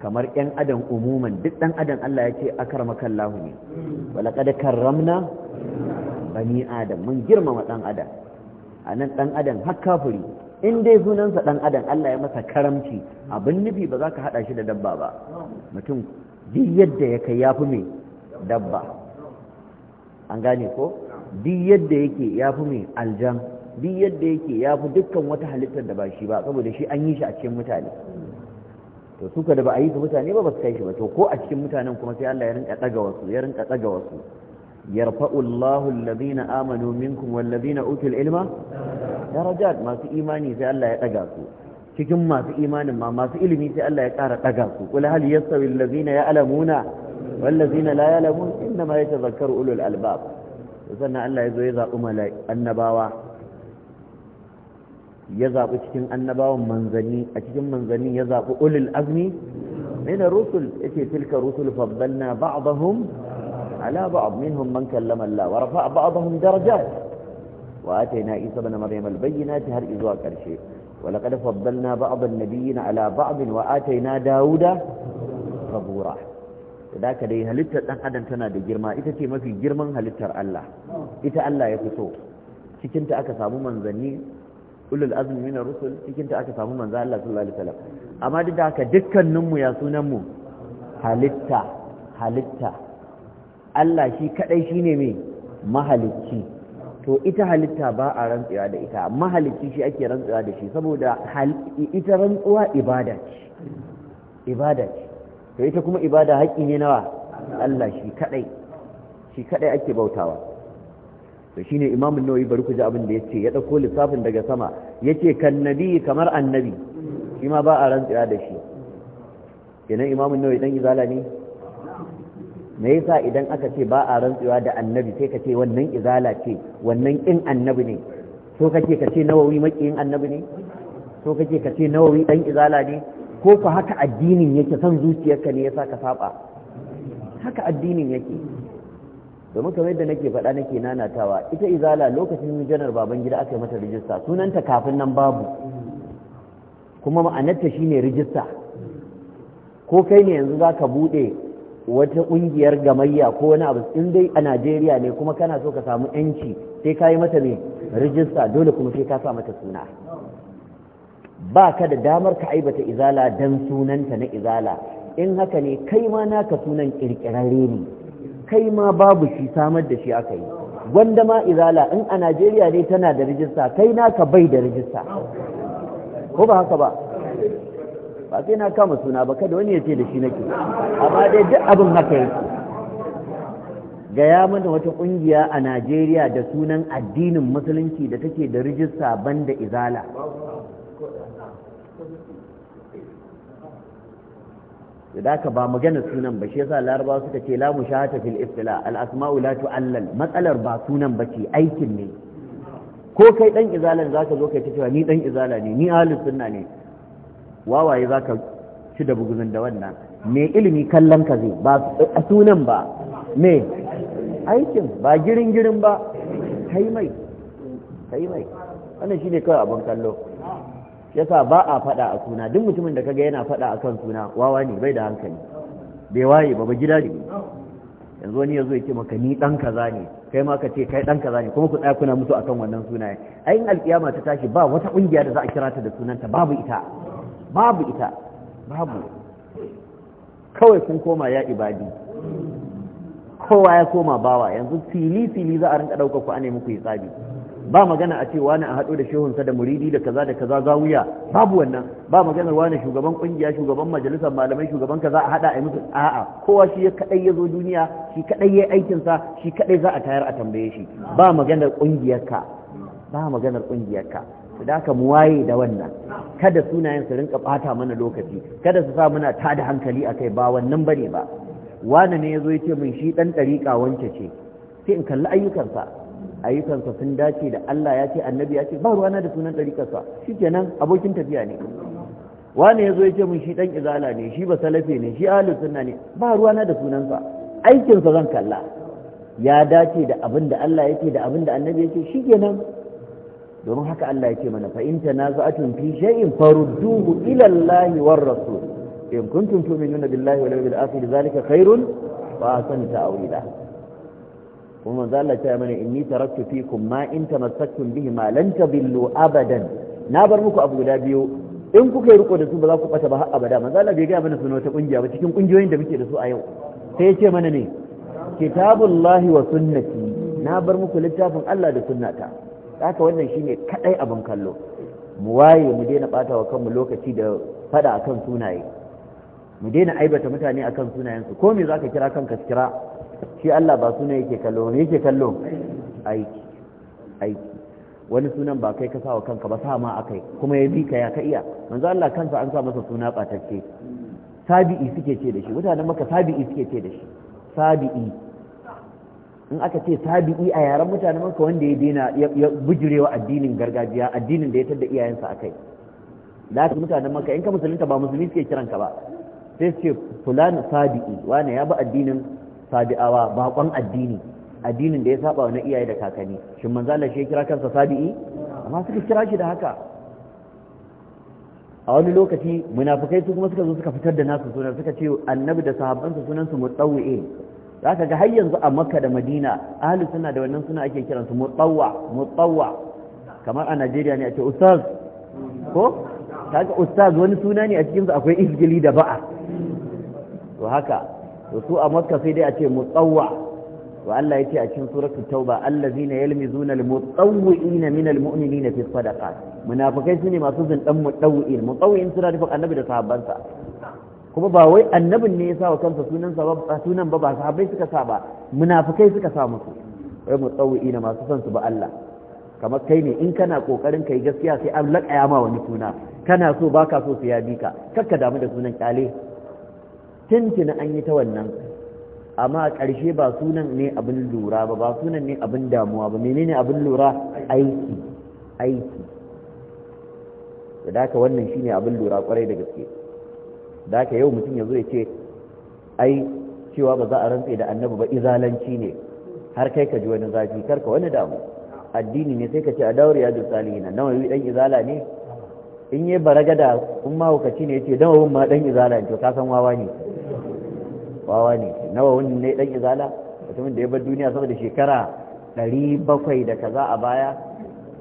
kamar ƴan adam umuman duk ɗan adam Allah ya ce akramakallahu ne da karramna bani adam mun girmama ɗan adam nan ɗan adam har kafiri in dai sunansa ɗan adam Allah ya masa karamci abin nufi ba za ka haɗa shi da dabba ba mutum duk yadda ya kai ya fi mai dabba an gane ko duk yadda yake ya fi mai aljan duk yadda yake ya fi dukkan wata halittar da ba shi ba saboda shi an yi shi a cikin mutane to suka da ba a yi su mutane ba ba su kai shi ba to ko a cikin mutanen kuma sai Allah ya rinka daga wasu ya rinka daga wasu yarfa'u Allahu alladhina amanu minkum walladhina utul ilma darajat masu imani sai Allah ya daga su cikin masu imanin ma masu ilimi sai Allah ya ƙara daga su qul hal yastawi alladhina ya'lamuna wallazina la ya'lamun inma yatadhakkaru ulul albab sannan Allah ya zo ya zaɓi annabawa ya zaɓi cikin annabawan manzanni a cikin manzanni ya zaɓi ulil azmi min rusul ya yace tilka rusul faddalna ba'dahum ala ba'd minhum man kallama Allah wa rafa'a ba'dahum daraja? wa na Isa bane Maryam al-bayyinati har izuwa karshe wa laqad faddalna ba'd an-nabiyyin ala ba'd wa na Dawuda zabura da ka dai halittar ɗan adam tana da girma ita ce mafi girman halittar Allah ita Allah ya fito cikinta aka samu manzanni ulul azmi min ar-rusul cikin ta aka samu manzo Allah sallallahu alaihi wasallam amma duk da haka dukkanin mu ya sunan mu halitta halitta Allah shi kadai shine me mahalicci to ita halitta ba a rantsuwa da ita mahalicci shi ake rantsuwa da shi saboda ita rantsuwa ibada ce ibada ce to ita kuma ibada haƙƙi ne nawa Allah shi kadai shi kadai ake bautawa to shine imam an-nawawi bari ku ji abin da yace ya dauko lissafin daga sama yace kan nabi kamar annabi shi ma ba a rantsiya da shi kenan imam an-nawawi dan izala ne me yasa idan aka ce ba a rantsiya da annabi sai ka ce wannan izala ce wannan in annabi ne so kake ka ce nawawi makiyin annabi ne so kake ka ce nawawi dan izala ne ko fa haka addinin yake san zuciyarka ne yasa ka saba haka addinin yake domin kamar yadda nake faɗa nake nanatawa ita izala lokacin janar baban gida aka yi mata rijista sunanta kafin nan babu kuma ma'anarta shine rijista ko kai ne yanzu za ka buɗe wata ƙungiyar gamayya ko wani abu in dai a najeriya ne kuma kana so ka samu yanci sai ka yi mata ne rijista dole kuma sai ka sa mata suna ba ka da damar ka aibata izala dan sunanta na izala in haka ne kai ma naka sunan ƙirƙirarre ne kai ma babu shi samar da shi aka yi gwanda ma izala in a najeriya ne tana da rijista kai naka bai da rijista ko ba haka ba ba sai na kama suna ba kada wani ya ce da shi nake amma dai duk abin haka ga gaya mana wata ƙungiya a najeriya da sunan addinin musulunci da take da rijista banda izala da haka ba magana sunan ba shi yasa larabawa suka ce la mushahata fil istila al asma'u la tu'allal matsalar ba sunan bace aikin ne ko kai dan izalan zaka zo kai ta cewa ni dan izala ne ni ahlus sunna ne wawaye zaka ci da bugun da wannan me ilimi kallon ka zai ba sunan ba me aikin ba girin girin ba kai mai kai mai wannan shine kawai abin kallo yasa ba a faɗa a suna duk mutumin da kaga yana faɗa akan suna wawa ne bai da hankali bai waye ba ba gida ne yanzu wani yazo ya maka ni dan kaza ne kai ma ka ce kai dan kaza ne kuma ku tsaya kuna mutu akan wannan sunaye ayin alkiyama ta tashi ba wata kungiya da za a kira ta da sunanta babu ita babu ita babu kawai kun koma ya ibadi kowa ya koma bawa yanzu fili fili za a rinka ɗaukar ku ne muku tsabi ba magana a ce wani a haɗo da shehunsa da muridi da kaza da kaza zawuya babu wannan ba maganar wani shugaban kungiya shugaban majalisar malamai shugaban kaza a haɗa a yi musu a'a kowa shi ya kadai ya zo duniya shi kadai ya aikin sa shi kaɗai za a tayar a tambaye shi ba maganar ka. ba maganar kungiyarka ka. da aka muwaye da wannan kada sunayen su rinka bata mana lokaci kada su sa muna tada hankali a kai ba wannan bane ba wani ne ya zo ya ce min shi ɗan ɗariƙa wance ce sai in kalli ayyukansa ayyukansa sun dace da Allah ya ce annabi ya ce ba ruwana da sunan ɗarikarsa shi nan abokin tafiya ne wani ya zo ya ce mun shi ɗan izala ne shi ba salafe ne shi ahalin sunna ne ba ruwana da sunansa aikinsa zan kalla ya dace da abin da Allah ya ce da abin da annabi ya ce shi nan domin haka Allah ya ce mana na in tun fi sha’in faru duhu ilallahi war rasu in kuntum tu'minuna billahi wal yawmil akhir zalika khairun wa ahsanu ta'wila kuma manzo Allah ya mana inni taraktu fikum ma in tamassaktum bihi ma lan tabillu abadan na bar muku abu guda biyu in kuka yi riko da su ba za ku bata ba har abada manzo Allah bai ga mana sunan wata kungiya ba cikin kungiyoyin da muke da su a yau sai ya ce mana ne kitabullahi wa sunnati na bar muku littafin Allah da sunnata haka wannan shine kadai abin kallo mu waye mu daina bata wa kanmu lokaci da fada akan sunaye mu daina aibata mutane akan sunayensu ko me zaka kira kanka kira shi Allah ba suna yake kallo ne yake kallo aiki aiki wani sunan ba kai ka sa wa kanka ba sa ma akai kuma ya bi ka ya ka iya manzo Allah kansa an sa masa suna batacce sabi'i suke ce da shi mutanen maka sabi'i suke ce da shi sabi'i in aka ce sabi'i a yaren mutanen maka wanda ya dena ya bujurewa addinin gargajiya addinin da ya tada iyayensa akai da mutanen maka in ka musulunta ba musulmi suke kiranka ba sai su ce fulan sabi'i wane ya bi addinin sabi'awa bakon addini addinin da ya saba wa na iyaye da kakanni shin manzo Allah shi kira kansa sabi'i amma suka kira shi da haka a wani lokaci munafikai su kuma suka zo suka fitar da nasu sunan suka ce annabi da sahabbansa sunan su mutawwi'in zaka ga har yanzu a Makka da Madina ahli sunna da wannan suna ake kiransu mutawwa mutawwa kamar a Najeriya ne a ce ustaz ko kaga ustaz wani suna ne a cikin su akwai izgili da ba'a to haka to su a makka sai dai a ce mutsawwa wa Allah ya ce a cikin suratul tauba allazina yalmizuna almutawwi'ina min almu'minina fi sadaqat munafikai sune masu zindan mutawwi'in mutawwi'in suna nufin annabi da sahabbansa kuma ba wai annabin ne ya sa wa kansa sunan sa ba sunan ba ba sahabbai suka sa ba munafikai suka sa musu wai mutawwi'ina masu son su ba Allah kamar kai ne in kana kokarin kai gaskiya sai an laƙaya ma wani suna kana so baka so su ya bi ka kakka damu da sunan kyale tintin an yi ta wannan amma a ƙarshe ba sunan ne abin lura ba ba sunan ne abin damuwa ba menene abin lura aiki aiki da haka wannan shine abin lura kwarai da gaske da haka yau mutum ya zo ya ce ai cewa ba za a rantse da annabi ba izalanci ne har kai ka ji wani zafi karka wani damu addini ne sai ka ce a daure ya ji salihina nawa yi dan izala ne in yi baragada kuma mahaukaci ne ya ce dawawin ma dan izala ne to ka san wawa ne wawa ne nawa wani ne dan izala mutumin da ya bar duniya saboda shekara ɗari bakwai da kaza a baya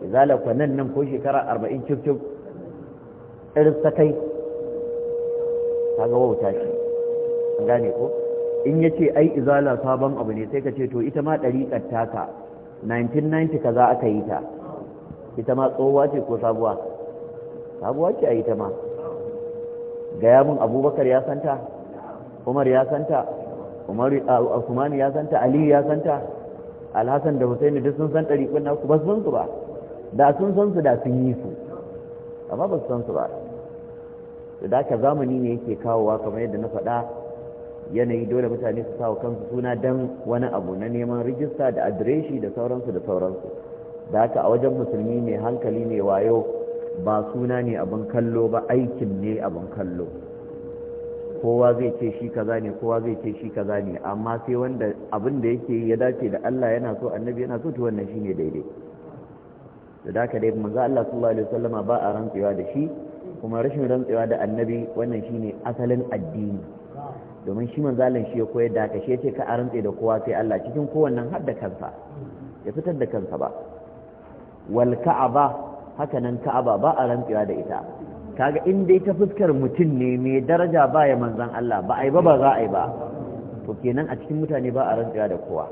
izala kwanan nan ko shekara arba'in cikin irin ta kai kaga wauta shi an gane ko in ya ce ai izala sabon abu ne sai ka ce to ita ma ɗariƙar taka 1990 kaza aka yi ta ita ma tsohuwa ce ko sabuwa sabuwa ce a ita ma gaya mun abubakar ya santa umar ya santa umar usmani ya santa ali ya santa alhassan da Hussein duk sun san ɗariƙun naku ba sun su ba da sun san su da sun yi su amma ba su san su ba da haka zamani ne yake kawowa kamar yadda na faɗa yanayi dole mutane su sawa kansu suna dan wani abu na neman rijista da adireshi da sauransu da sauransu da haka a wajen musulmi mai hankali mai wayo ba suna ne abin kallo ba aikin ne abin kallo kowa zai ce shi kaza ne kowa zai ce shi kaza ne amma sai wanda abin da yake ya dace da Allah yana so annabi yana so to wannan shine daidai da daka dai manzo Allah sallallahu alaihi wasallam ba a rantsewa da shi kuma rashin rantsewa da annabi wannan shine asalin addini domin shi Allah shi ya koyar da kashe ce ka rantse da kowa sai Allah cikin kowannan har da kansa ya fitar da kansa ba wal ka'aba haka nan ka'aba ba a rantsewa da ita kaga in dai ta fuskar mutum ne mai daraja ba ya manzan Allah ba a yi ba ba za a yi ba to kenan a cikin mutane ba a rantsuwa da kowa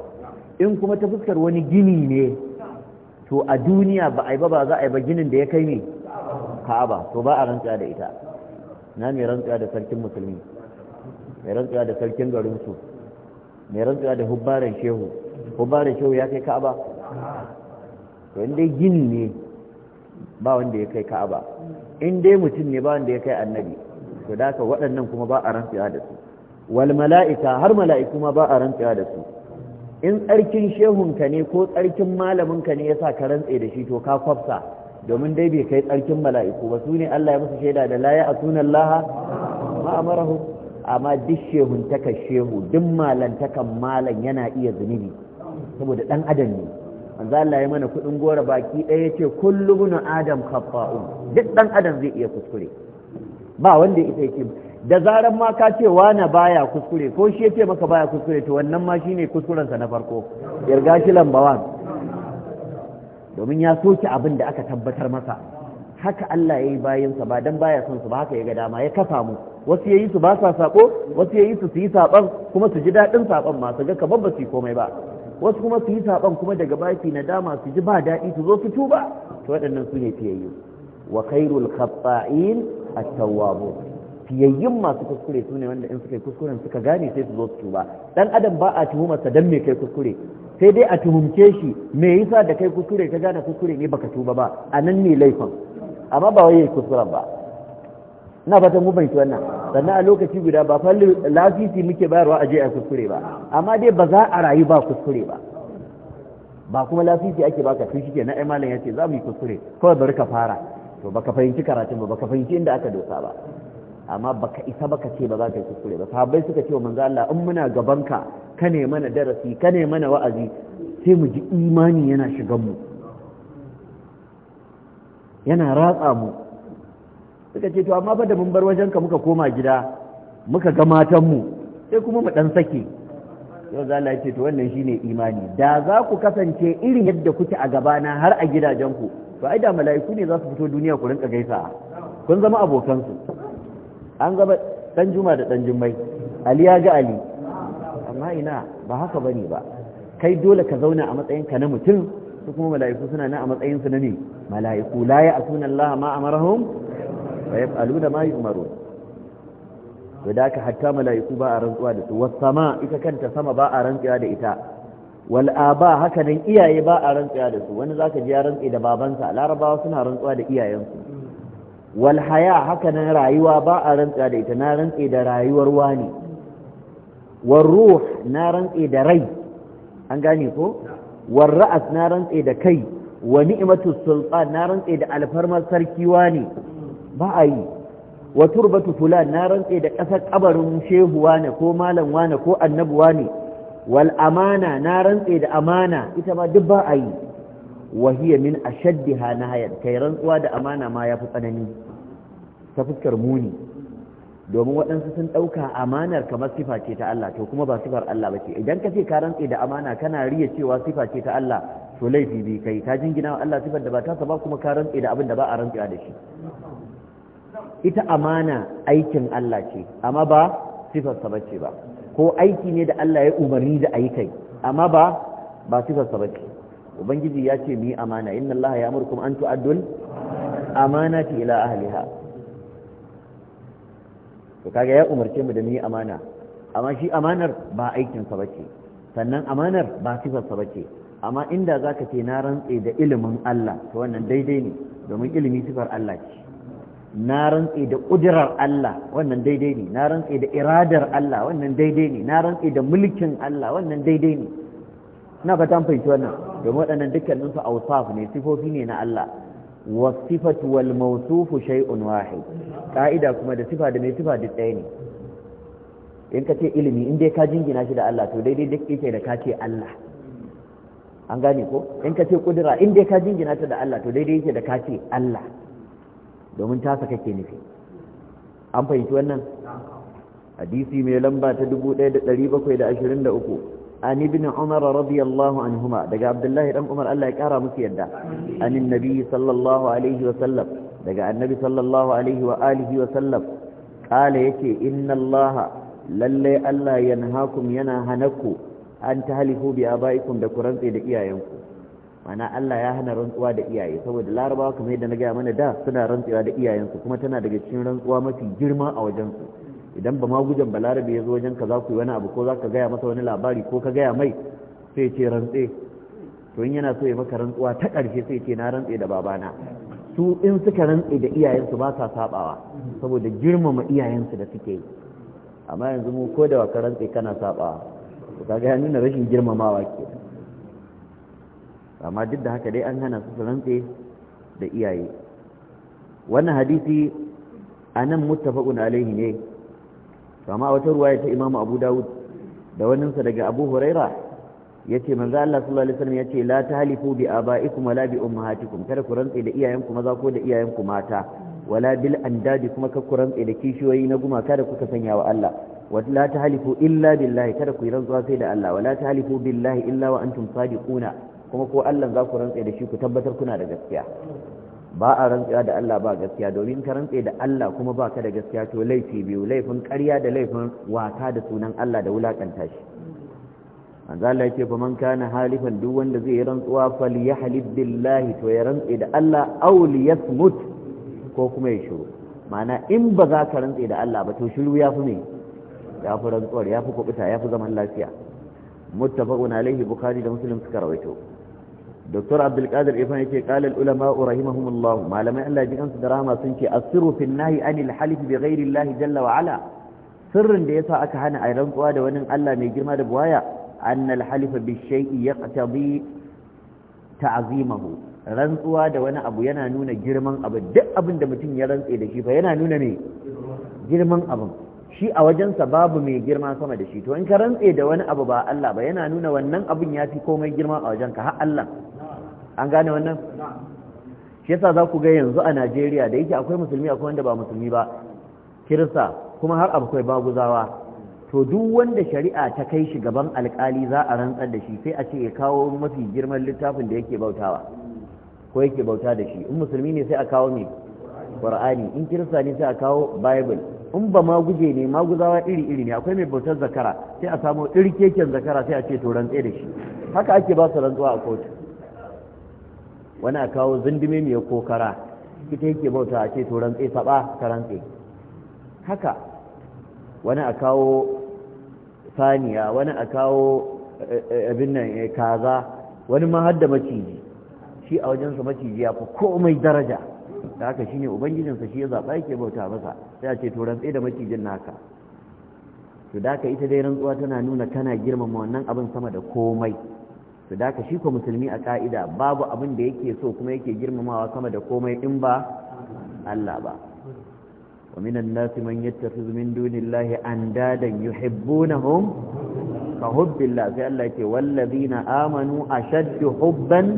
in kuma ta fuskar wani gini ne to a duniya ba a yi ba ba za a yi ba ginin da ya kai ne ka'aba to ba a rantsuwa da ita na mai rantsuwa da sarkin musulmi mai rantsuwa da sarkin garinsu mai rantsuwa da hubbaren shehu hubbaren shehu ya kai ka'aba to in dai gini ne ba wanda ya kai ka'aba in dai mutum ne ba wanda ya kai annabi to da haka waɗannan kuma ba a rantsuwa da su wal mala'ika har mala'iku ma ba a rantsuwa da su in tsarkin shehunka ne ko tsarkin malamin ka ne yasa ka rantse da shi to ka kwafsa domin dai bai kai tsarkin mala'iku ba su ne Allah ya musu shaida da la ya'tuna Allah ma amarahu amma duk shehun shehuntaka shehu duk takan malan yana iya zunubi saboda dan adam ne manzo Allah ya mana kudin gora baki ɗaya yace kullu bunu adam khata'un duk dan adam zai iya kuskure ba wanda ya yake da zaran ma ka ce wani baya kuskure ko shi yake maka baya kuskure to wannan ma shine kuskurensa na farko yarga shi lambawan domin ya soki abin da aka tabbatar masa haka Allah yayi yi sa ba dan baya son su ba haka ya ga dama ya kafa mu wasu yayi su ba sa sako wasu yayi su su yi saban kuma su ji dadin saban ma su ga kaman ba su komai ba wasu kuma su yi saɓan kuma daga baki na dama su ji ba daɗi su zo su tuba to waɗannan su ne fiyayyu wa khairul khatta'in at-tawwabun fiyayyun masu kuskure su ne wanda in suka yi kuskuren suka gane sai su zo su tuba dan adam ba a tuhumarsa dan me kai kuskure sai dai a tuhumce shi me yasa da kai kuskure ka gane kuskure ne baka tuba ba anan ne laifin amma ba wai kuskuren ba na fatan mu bai wannan sannan a lokaci guda ba fa lafifi muke bayarwa a je a kuskure ba amma dai ba za a rayu ba kuskure ba ba kuma lafifi ake baka tun shi ke na ya ce za mu yi kuskure kawai bari ka fara to baka fahimci karatun ba baka fahimci inda aka dosa ba amma baka isa baka ce ba za ka yi kuskure ba sahabbai suka ce wa manzo Allah in muna gaban ka ka ne mana darasi ka ne mana wa'azi sai mu ji imani yana shigan mu yana ratsa mu suka ce to amma fa da mun bar wajen ka muka koma gida muka ga matan mu sai kuma mu dan sake yau za Allah ce to wannan shine imani da za ku kasance irin yadda kuke a gabana har a gidajen ku to ai da mala'iku ne za su fito duniya ku rinka gaisa kun zama abokan su an gaba dan juma da dan jummai ali ya ga ali amma ina ba haka bane ba kai dole ka zauna a matsayin ka na mutum su kuma mala'iku suna nan a matsayin su na ne mala'iku la ya asuna Allah ma amarahum wa yaf'aluna ma yu'marun to ka hatta mala'iku ba a rantsuwa da su was sama ita kanta sama ba a rantsuwa da ita wal aba haka nan iyaye ba a rantsuwa da su wani zaka ji ya rantsi da babansa larabawa suna rantsuwa da iyayensu wal haya haka nan rayuwa ba a rantsuwa da ita na rantsi da rayuwar wani war ruh na rantsi da rai an gane ko war ra'as na rantsi da kai wa ni'matu sultan na rantsi da alfarmar sarki wani ba a yi wa turbatu fulan na rantse da ƙasar kabarin shehu ne ko malam wane ko annabuwa ne wal amana na rantse da amana ita ma duk ba a yi wa hiya min ashaddiha hayar, kai rantsuwa da amana ma yafi tsanani ta fuskar muni domin waɗansu sun ɗauka amanar kamar sifa ce ta Allah to kuma ba sifar Allah ba ce idan ka ce ka rantse da amana kana riya cewa sifa ce ta Allah to laifi bi kai ka jingina wa Allah sifar da ba ta ba kuma ka rantse da abin da ba a rantsewa da shi ita amana aikin Allah ce amma ba sifarsa bace ba ko aiki ne da Allah ya umarni da ayi kai amma ba ba sifarsa bace ubangiji ya ce mu yi amana inna Allah ya amurkum an tu'addul amanati ila ahliha to kaga ya umarce mu da mu yi amana amma shi amanar ba aikinsa bace sannan amanar ba sifarsa bace amma inda zaka ce na rantse da ilimin Allah to wannan daidai ne domin ilimi sifar Allah ce na rantse da ƙudurar Allah wannan daidai ne na rantse da iradar Allah wannan daidai ne na rantse da mulkin Allah wannan daidai ne na ta fahimci wannan domin waɗannan dukkanin su awsaf ne sifofi ne na Allah wa sifatu wal mawsufu shay'un wahid ka'ida kuma da sifa da mai sifa duk ɗaya ne in ka ce ilimi in dai ka jingina shi da Allah to daidai duk yake da ka ce Allah an gane ko in ka ce kudura in dai ka jingina ta da Allah to daidai yake da ka ce Allah domin tasa kake nufi an fahimci wannan hadisi mai lamba ta 1723 an ibn umar radiyallahu anhuma daga abdullahi dan umar Allah ya kara musu yadda an annabi sallallahu alaihi wa sallam daga annabi sallallahu alaihi wa alihi wa sallam yake inna Allah lalle Allah yanhakum yana hanaku an tahlifu bi abaikum da kuranti da iyayenku mana Allah ya hana rantsuwa da iyaye saboda larabawa kamar yadda na gaya mana da suna rantsuwa da iyayensu kuma tana daga cikin rantsuwa mafi girma a wajen su, idan ba ma gujan balarabe ya zo wajen ka za ku yi wani abu ko za ka gaya masa wani labari ko ka gaya mai sai ce rantse to in yana so ya maka rantsuwa ta karshe sai ce na rantse da babana su in suka rantse da iyayensu ba sa sabawa saboda girmama iyayensu da suke yi amma yanzu mu ko da ka rantse kana sabawa to kaga ya nuna rashin girmamawa kenan amma duk da haka dai an hana su su rantse da iyaye wannan hadisi anan nan muttafaqun alaihi ne amma wata ruwaya ta Imam Abu da'ud da waninsa daga Abu Huraira yace manzo Allah sallallahu alaihi wasallam yace la tahlifu bi abaikum wala bi ummahatikum kada ku rantse da iyayenku maza ko da iyayenku mata wala bil andadi kuma kada ku rantse da kishiyoyi na gumaka da kuka sanya wa Allah wala tahlifu illa billahi kada ku rantsuwa sai da Allah wala tahlifu billahi illa wa antum sadiquna kuma ko Allah za ku rantse da shi ku tabbatar kuna da gaskiya ba a rantsewa da Allah ba gaskiya domin ka rantse da Allah kuma ba ka da gaskiya to laifi biyu laifin ƙarya da laifin wata da sunan Allah da wulakanta shi manzo yake fa man kana halifan duk wanda zai rantsuwa falyahlib billahi to ya rantse da Allah aw liyasmut ko kuma ya shiru ma'ana in ba za ka rantse da Allah ba to shiru ya fi ne ya fi rantsuwar ya fi kubuta ya fi zaman lafiya muttafaqun alaihi bukhari da muslim suka rawaito دكتور عبد القادر إفن يكي قال العلماء رحمهم الله ما لم يألا جئن سدراما سنكي السر في النهي عن الحلف بغير الله جل وعلا سر ديسا أكهانا أيران قواد ونن ألا ميجرما دبوايا أن الحلف بالشيء يقتضي تعظيمه rantsuwa da wani abu yana nuna girman abu duk abin da mutum ya rantse da shi fa yana nuna ne girman abin shi a wajensa babu mai girma sama da shi to in ka rantse da wani abu ba Allah ba yana nuna wannan abun ya fi komai girma a wajenka har Allah an gane wannan shi yasa za ku ga yanzu a Najeriya da yake akwai musulmi akwai wanda ba musulmi ba kirista kuma har akwai baguzawa to duk wanda shari'a ta kai shi gaban alkali za a rantsar da shi sai a ce ya kawo mafi girman littafin da yake bautawa ko yake bauta da shi in musulmi ne sai a kawo mai qur'ani in kirista ne sai a kawo bible in ba maguje ne maguzawa iri iri ne akwai mai bautar zakara sai a samu irkeken zakara sai a ce to rantsai da shi haka ake ba su rantsuwa a kotu wani a kawo zindime mai kokara ita yake bauta a ce to rantsai saba ka rantsai haka wani a kawo saniya wani a kawo eh, eh, abin nan eh, kaza wani ma har da maciji shi a wajensa maciji ya fi komai daraja da haka ne ubangijinsa shi ya zaɓa yake bauta masa sai a ce to rantsai da macijin naka to da haka ita dai rantsuwa tana nuna tana girmama wannan abin sama da komai to da haka shi ko musulmi a ka'ida babu abin da yake so kuma yake girmamawa sama da komai in ba Allah ba wa minan nasi man yattakhidhu min dunillahi andadan yuhibbunahum ka hubbillah sai Allah yake na amanu a ashaddu hubban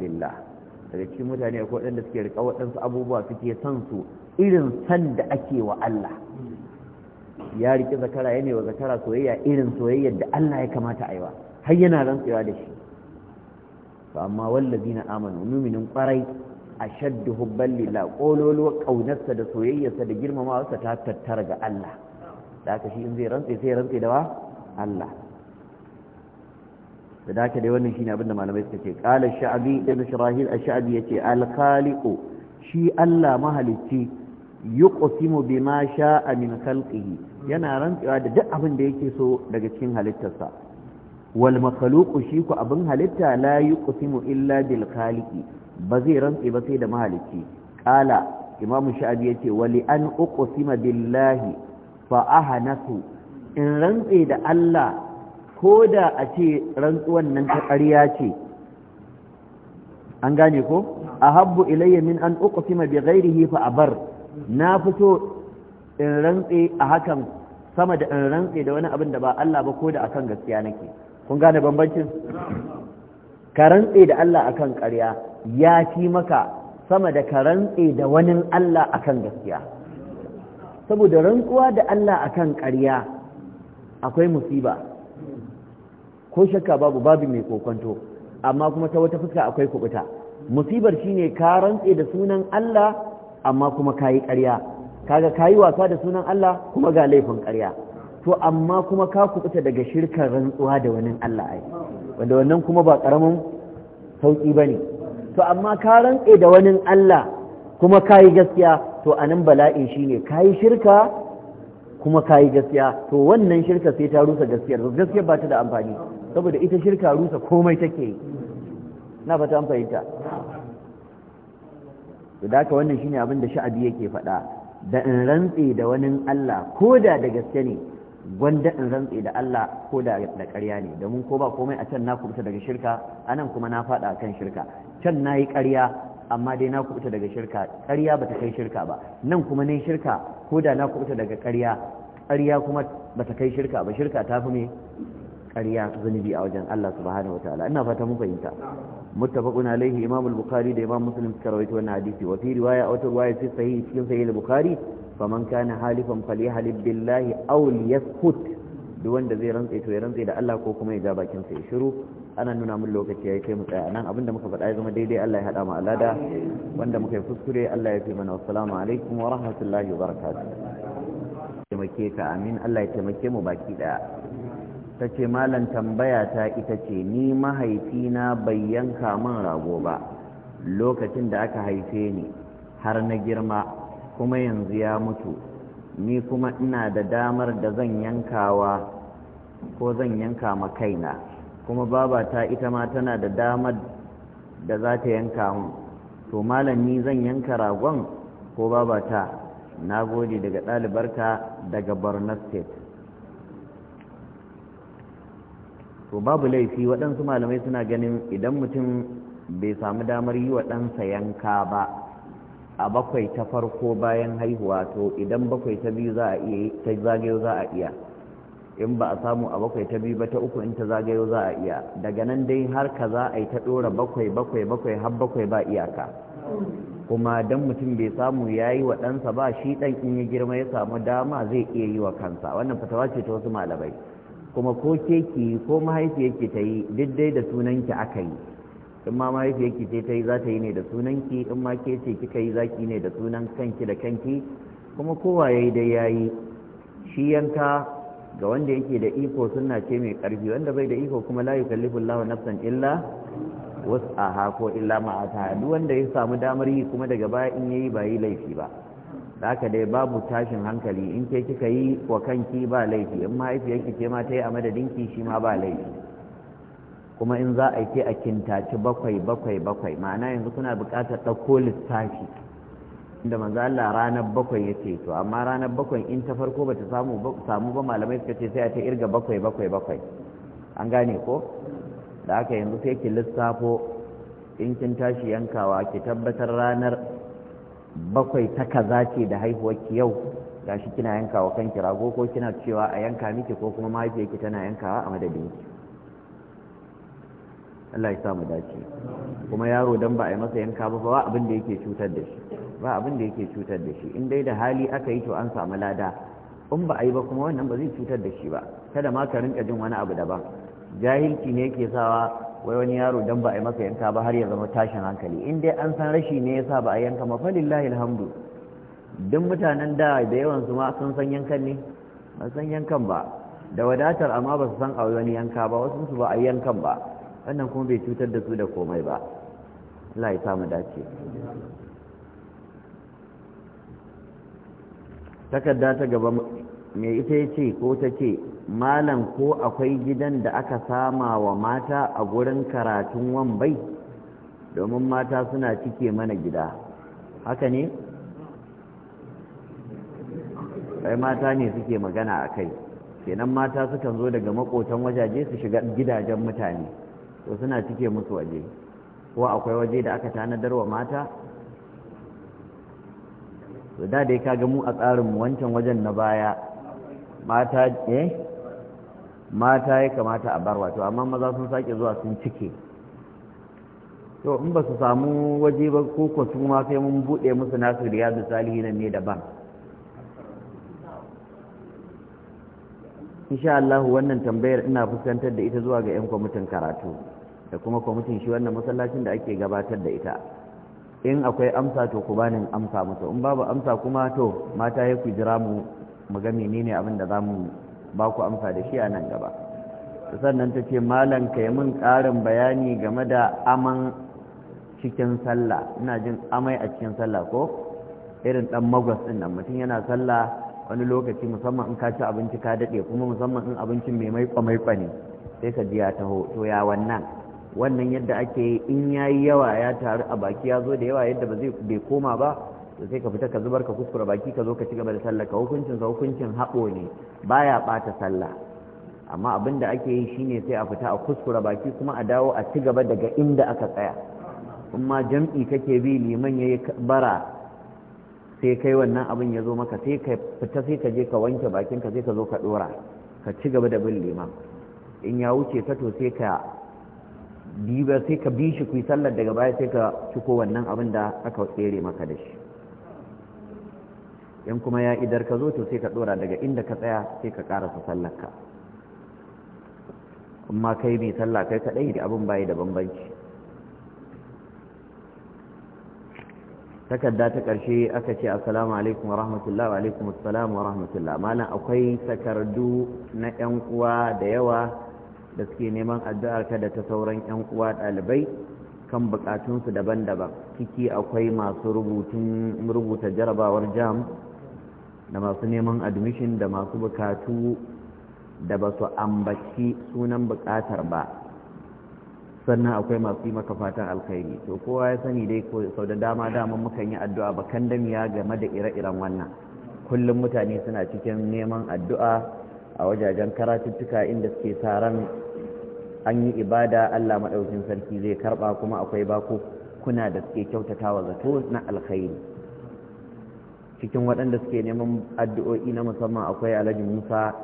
lillah daga cikin mutane akwai waɗanda suke riƙa waɗansu abubuwa suke son su irin san da ake wa Allah ya riƙi zakara ya ne wa zakara soyayya irin soyayya da Allah ya kamata a yi wa har yana rantsewa da shi to amma wallazi na amanu muminin kwarai a shaddu hubban lillah ƙololuwa ƙaunarsa da soyayyarsa da girmamawarsa ta tattara ga Allah da aka shi in zai rantse sai rantse da wa Allah da haka dai wannan shine abinda malamai suka ce qala sha'bi ibn shirahil ash-sha'bi yace al-khaliqu shi Allah mahalicci yuqsimu bima sha'a min khalqihi yana rantsewa da duk abin da yake so daga cikin halittarsa wal makhluqu shi ku abin halitta la yuqsimu illa bil khaliqi ba zai rantse ba sai da mahalicci qala Imam sha'bi yace wali an uqsima billahi fa ahanatu in rantse da Allah ko da a ce rantsuwan nan ta ƙarya ce an gane ko a habbu ilayya min an uqsima bi ghairihi fa abar na fito in rantse a hakan sama da in rantse da wani abin da ba Allah ba ko da akan gaskiya nake kun gane bambancin ka rantse da Allah akan ƙarya ya fi maka sama da ka rantse da wani Allah akan gaskiya saboda rantsuwa da Allah akan ƙarya akwai musiba ko shakka babu babu mai kokonto amma kuma ta wata fuska akwai kubuta musibar shine ka rantse da sunan Allah amma kuma kayi ƙarya kaga kayi wasa da sunan Allah kuma ga laifin ƙarya to amma kuma ka kubuta daga shirkar rantsuwa da wani Allah ai wanda wannan kuma ba karamin sauki bane to amma ka rantse da wani Allah kuma kayi gaskiya to anan bala'in shine kayi shirka kuma kayi gaskiya to wannan shirka sai ta rusa gaskiyar gaskiya ba ta da amfani saboda ita shirka rusa komai take yi na fata an fahimta to da haka wannan shine abin da sha'abi yake faɗa da in rantse da wani Allah ko da da gaske ne gwanda in rantse da Allah ko da da ƙarya ne domin ko ba komai a can na kubuta daga shirka anan kuma na faɗa akan shirka can nayi yi ƙarya amma dai na kubuta daga shirka ƙarya ba kai shirka ba nan kuma ne shirka ko da na kubuta daga ƙarya ƙarya kuma ba kai shirka ba shirka ta fi me ƙarya zunubi a wajen Allah subhanahu wataala ina fata mun fahimta muttafaqun alaihi imam al-bukhari da imam muslim suka rawaito wannan hadisi wa fi riwaya aw riwaya fi sahih cikin sahih al-bukhari faman kana halifan falyahlib billahi aw liyaskut duk wanda zai rantsa to ya rantsa da Allah ko kuma ya ja bakin sa ya shiru ana nuna mun lokaci yayi kai mu tsaya nan abinda muka faɗa ya zama daidai Allah ya hada mu alada wanda muka yi kuskure Allah ya fi mana assalamu alaikum wa rahmatullahi wa barakatuh taimake ka amin Allah ya taimake mu baki daya ta ce malam tambaya ta ita ce ni mahaifina bai yanka min rago ba lokacin da aka haife ni har na girma kuma yanzu ya mutu ni kuma ina da damar da zan yankawa ko zan yanka ma kaina kuma babata ita ma tana da damar da za ta yanka min to malam ni zan yanka ragon ko babata na gode daga ɗalibarka daga borno state to babu laifi waɗansu malamai suna ganin idan mutum bai samu damar yi wa ɗansa yanka ba a bakwai ta farko bayan haihuwa to idan bakwai ta biyu za a iya ta zagayo za a iya in ba a samu a bakwai ta biyu ba ta uku in ta zagayo za a iya daga nan dai har ka za a yi ta ɗora bakwai bakwai bakwai har bakwai ba iyaka kuma dan mutum bai samu ya yi wa ɗansa ba shi ɗan in ya girma ya samu dama zai iya yi wa kansa wannan fatawa ce ta wasu malamai kuma ko ke ko mahaifiyarki ta yi duk da sunanki aka yi in ma mahaifiyarki ce ta yi za ta yi ne da sunanki in ma ke ce kika yi za ki ne da sunan kanki da kanki kuma kowa ya yi dai ya yi shi yanka ga wanda yake da iko suna ce mai karfi wanda bai da iko kuma layu kallifin Allahu nafsan illa wasu aha ko illa ma'ata duk wanda ya samu damar yi kuma daga baya in yayi ba yi laifi ba da haka dai babu tashin hankali in ke kika yi wa kanki ba laifi in mahaifiyarki ce ma ta yi a madadinki shi ma ba laifi kuma in za a ke a kintaci bakwai bakwai bakwai ma'ana yanzu kuna buƙatar ɗauko lissafi inda manzo Allah ranar bakwai yace to amma ranar bakwai in ta farko bata samu samu ba malamai suka ce sai a ta irga bakwai bakwai bakwai an gane ko da haka yanzu sai ki lissafo in kin tashi yankawa ki tabbatar ranar bakwai ta kaza ce da haihuwarki yau shi kina yankawa kanki rago ko kina cewa a yanka miki ko kuma mahaifiyarki tana yankawa a ki Allah ya sa mu dace kuma yaro dan ba a yi masa yanka ba ba abin da yake cutar da shi ba abin da yake cutar da shi in dai da hali aka yi to an samu lada in ba a yi ba kuma wannan ba zai cutar da shi ba kada ma ka rinka jin wani abu daban jahilci ne yake sawa wai wani yaro don ba a yi masa yanka ba har ya zama tashin hankali in an san rashi ne ya sa ba a yanka mafalin falillahi alhamdu duk mutanen da da yawan su ma sun san yankan ne ba san yankan ba da wadatar amma ba su san a wani yanka ba wasu su ba a yankan ba wannan kuma bai cutar da su da komai ba Allah ya samu dace takarda ta gaba me ita ya ce ko ta ce malam ko akwai gidan da aka sama wa mata a gurin karatun wambai domin mata suna cike mana gida haka ne? ai mata ne suke magana a kai kenan mata sukan zo daga makotan wajaje su shiga gidajen mutane to suna cike musu waje ko akwai waje da aka tanadar wa mata to da dai kaga mu a tsarinmu wancan wajen na baya mata eh mata ya kamata a bar wato amma maza sun sake zuwa sun cike to in ba su samu waje ba ko ko su ma sai mun bude musu nasu riyadu salihin ne daban insha Allah wannan tambayar ina fuskantar da ita zuwa ga 'yan kwamitin karatu da kuma kwamitin shi wannan masallacin da ake gabatar da ita in akwai amsa to ku bani amsa musu in babu amsa kuma to mata ya ku jira mu mu ga menene abin da zamu ba ku amsa da shi a nan gaba sannan ta ce malam ka yi min ƙarin bayani game da aman cikin sallah ina jin amai a cikin sallah ko irin dan magwas din nan mutum yana sallah wani lokaci musamman in ka ci abinci ka daɗe kuma musamman in abincin mai mai maikwa ne sai ka ji ya taho to ya wannan wannan yadda ake yi in yayi yawa ya taru a baki ya zo da yawa yadda ba zai bai koma ba to sai ka fita ka zubar ka kuskura baki ka zo ka ci gaba da sallah ka hukuncin sa hukuncin haɓo ne baya ɓata sallah amma abin da ake yi shine sai a fita a kuskura baki kuma a dawo a ci gaba daga inda aka tsaya in ma jam'i kake bi liman yayi bara sai kai wannan abin ya zo maka sai ka fita sai ka je ka wanke bakin ka sai ka zo ka dora ka ci gaba da bin liman in ya wuce ta to sai ka diba sai ka bi shi ku sallar daga baya sai ka ciko wannan abin da aka tsere maka da shi in kuma ya idar ka zo to sai ka dora daga inda ka tsaya sai ka karasa sallarka amma kai mai sallah kai kaɗai da abin bayi da bambanci takarda ta karshe aka ce assalamu alaikum wa rahmatullah wa alaikum assalam wa rahmatullah malam akwai takardu na yan uwa da yawa da suke neman addu'ar ka da ta sauran yan uwa ɗalibai kan bukatunsu daban-daban kiki akwai masu rubutun rubuta jarabawar jam da masu neman admission da masu bukatu da ba su ambaci sunan bukatar ba sannan akwai masu yi maka fatan alkhairi to kowa ya sani dai ko sau da dama dama mukan yi addu'a bakan damiya game da ire-iren wannan kullum mutane suna cikin neman addu'a a wajajen karatuttuka inda suke taron an yi ibada Allah maɗaukin sarki zai karɓa kuma akwai bako kuna da suke kyautatawa zato na alkhairi cikin waɗanda suke neman addu'o'i na musamman akwai alhaji musa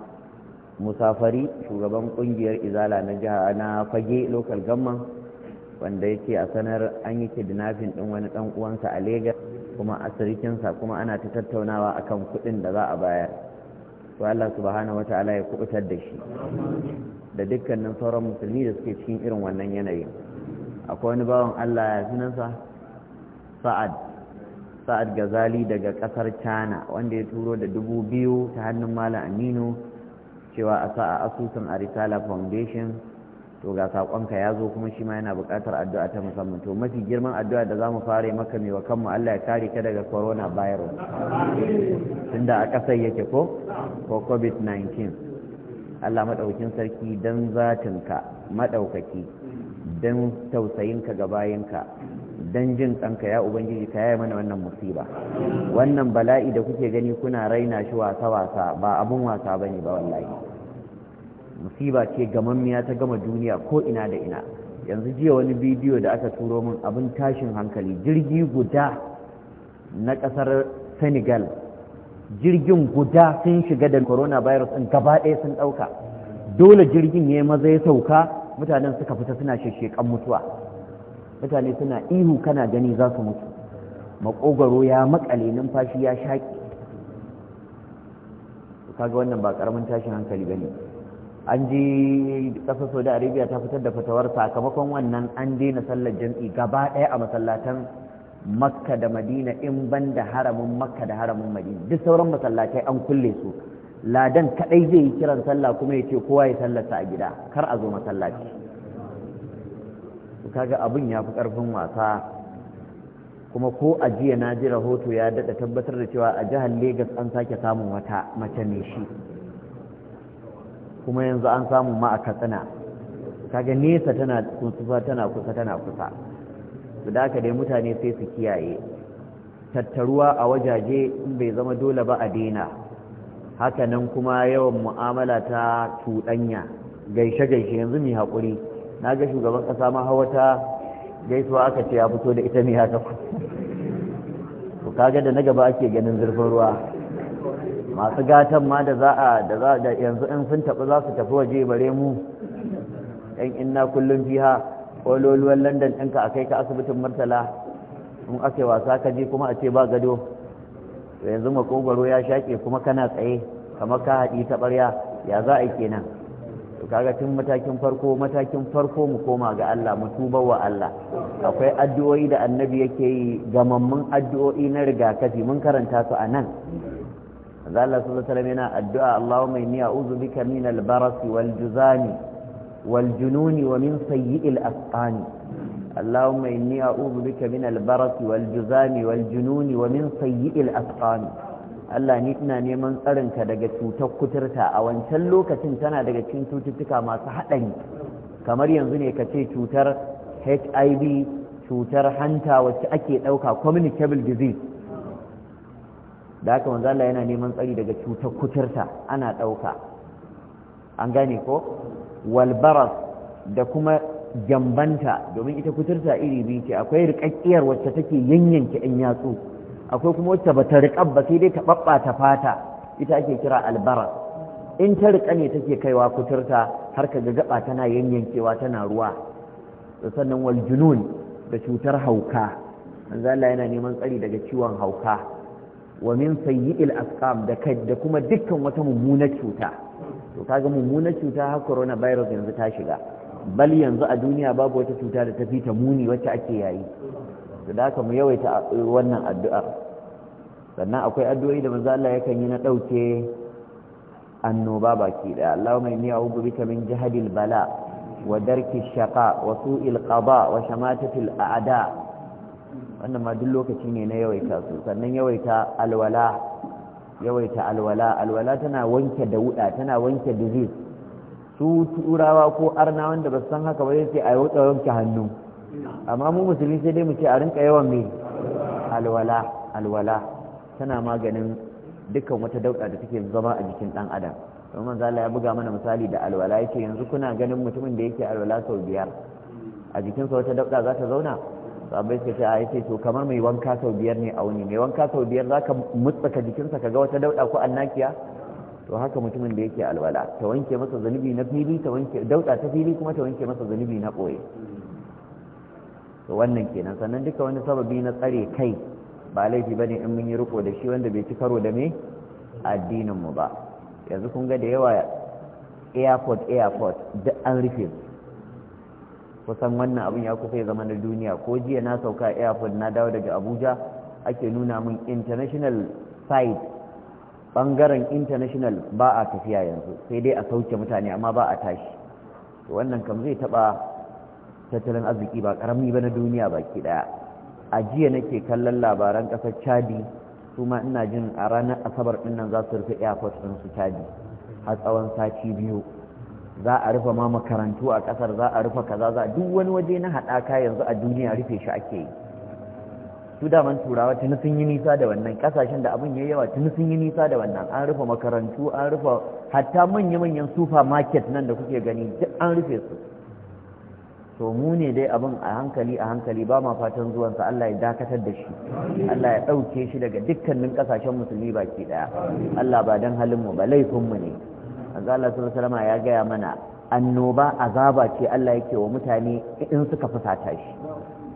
musafari shugaban ƙungiyar izala na jiha na fage local gamman wanda yake a sanar an yi kidnapping ɗin wani ɗan uwansa a Legas kuma a sirikinsa kuma ana ta tattaunawa a kan kuɗin da za a bayar to Allah subhanahu ala ya kubutar da shi da dukkanin sauran musulmi da suke cikin irin wannan yanayi akwai wani bawan Allah ya sunansa sa'ad sa'ad gazali daga kasar china wanda ya turo da dubu biyu ta hannun malam aminu cewa a sa asusun arisala foundation to ga sakonka ya zo kuma shi ma yana buƙatar addu'a ta musamman to mafi girman addu'a da za mu fara maka mai wa kanmu Allah ya kare ka daga corona virus tunda a ƙasar yake ko ko covid 19 Allah maɗaukin sarki dan zatinka maɗaukaki dan tausayinka ga bayinka don jin tsanka ya ubangiji ka yaya mana wannan musiba wannan bala'i da kuke gani kuna raina shi wasa-wasa ba abun wasa ba ne ba wallahi musiba ce gamammiya ta gama duniya ko ina da ina yanzu jiya wani bidiyo da aka turo min abin tashin hankali jirgi guda na kasar senegal jirgin guda sun shiga da coronavirus ɗin gaba ɗaya sun ɗauka dole jirgin ya yi maza ya sauka mutanen suka fita suna sheshekan mutuwa mutane suna ihu kana gani za su mutu makogaro ya makale numfashi ya shaƙi kaga wannan ba karamin tashin hankali bane an ji ƙasar saudi arabia ta fitar da fatawar sakamakon wannan an daina sallar jam'i gaba ɗaya a masallatan makka da madina in ban da haramin makka da haramin madina duk sauran masallatai an kulle su ladan kaɗai zai yi kiran sallah kuma ya ce kowa ya sallarsa a gida kar a zo masallaci to kaga abin ya fi ƙarfin wasa kuma ko a jiya na ji rahoto ya daɗa tabbatar da cewa a jihar Legas an sake samun wata mace ne shi kuma yanzu an samu ma a katsina kaga nesa tana kusa tana kusa tana kusa su da aka dai mutane sai su kiyaye tattaruwa a wajaje in bai zama dole ba a daina hakanan kuma yawan mu'amala ta cuɗanya gaishe-gaishe yanzu mai haƙuri na ga shugaban ƙasa ma ta gaisuwa aka ce ya fito da ita ne ta ku kaga da na gaba ake ganin zurfin ruwa masu gatan ma da za a da za a yanzu in sun tafi za su tafi waje bare mu ɗan inna kullum fiha ƙololuwan london ɗinka a kai ka asibitin murtala in ake wasa ka je kuma a ce ba gado yanzu makogwaro ya shaƙe kuma kana tsaye kamar ka haɗi ta ɓarya ya za a yi kenan to kaga tun matakin farko matakin farko mu koma ga Allah mu tuba wa Allah akwai addu'o'i da annabi yake yi gamammun addu'o'i na rigakafi mun karanta su anan. nan manzo Allah sallallahu alaihi yana addu'a Allahumma inni a'udhu bika min al-baras wal juzani wal jununi wa min sayyi'il asqani Allahumma inni a'udhu bika min al-baras wal juzani wal jununi wa min sayyi'il asqani Allah ni ina neman tsarinka daga cutar kuturta a wancan lokacin tana daga cikin cututtuka masu haɗari kamar yanzu ne ka ce cutar HIV cutar hanta wacce ake ɗauka communicable disease da haka manzo Allah yana neman tsari daga cutar kuturta ana ɗauka an gane ko walbaras da kuma jambanta domin ita kuturta iri biyu ce akwai rikakkiyar wacce take yanyanke 'yan yatsu akwai kuma wacce ba ta ba sai dai ta ɓaɓɓata fata ita ake kira albara in ta riƙa ne take kaiwa kuturta har ka ga gaba tana yanyankewa tana ruwa da sannan wal da cutar hauka manzo yana neman tsari daga ciwon hauka wa min sayyi'il asqam da kai da kuma dukkan wata mummunar cuta to kaga mummunar cuta har corona virus yanzu ta shiga bal yanzu a duniya babu wata cuta da ta fi ta muni wacce ake yayi da haka mu yawaita wannan addu'ar sannan akwai addu'o'i da manzo Allah yakan yi na ɗauke annoba baki ɗaya Allahumma inni a'udhu bika min jahadil bala wa darki shaqa wa su'il qada wa shamatatil a'da wannan ma duk lokaci ne na yawaita su sannan yawaita alwala yawaita alwala alwala tana wanke da wuɗa tana wanke disease su turawa ko arna wanda ba san haka ba ce a yau wanke hannu amma mu musulmi sai dai mu ce a rinka yawan mai alwala alwala tana maganin dukkan wata dauɗa da take zama a jikin dan adam don manzo Allah ya buga mana misali da alwala yake yanzu kuna ganin mutumin da yake alwala sau biyar a jikinsa wata dauɗa za ta zauna sabai sai ce a yace to kamar mai wanka sau biyar ne a wuni mai wanka sau biyar za ka mutsaka jikinsa ka ga wata dauɗa ko annakiya to haka mutumin da yake alwala ta wanke masa zanubi na fili ta wanke dauɗa ta fili kuma ta wanke masa zanubi na ɓoye to wannan kenan sannan duka wani sababi na tsare kai ba laifi bane in mun yi riko da shi wanda bai ci karo da me addinin mu ba yanzu kun ga da yawa airport airport da an rufe kusan wannan abin ya kufa zama na duniya ko jiya na sauka airport na dawo daga abuja ake nuna min international site bangaren international ba a tafiya yanzu sai dai a sauke mutane amma ba a tashi wannan kam zai taba tattalin arziki ba karami ba na duniya baki daya a jiya nake kallon labaran kasar chadi su ma ina jin a ranar asabar din nan za su rufe airport din su chadi A tsawon sati biyu za a rufe ma makarantu a kasar za a rufe kaza za duk wani waje na haɗaka yanzu a duniya rufe shi ake yi su daman turawa tuni sun yi nisa da wannan kasashen da abin ya yawa tuni sun yi nisa da wannan an rufe makarantu an rufe hatta manya-manyan supermarket nan da kuke gani duk an rufe su to mu ne dai abin a hankali a hankali ba ma fatan zuwansa Allah ya dakatar da shi Allah ya ɗauke shi daga dukkanin ƙasashen musulmi baki ɗaya Allah ba don mu ba laifinmu ne azza Allah sallallahu ya gaya mana annoba azaba ce Allah yake wa mutane in suka fusata shi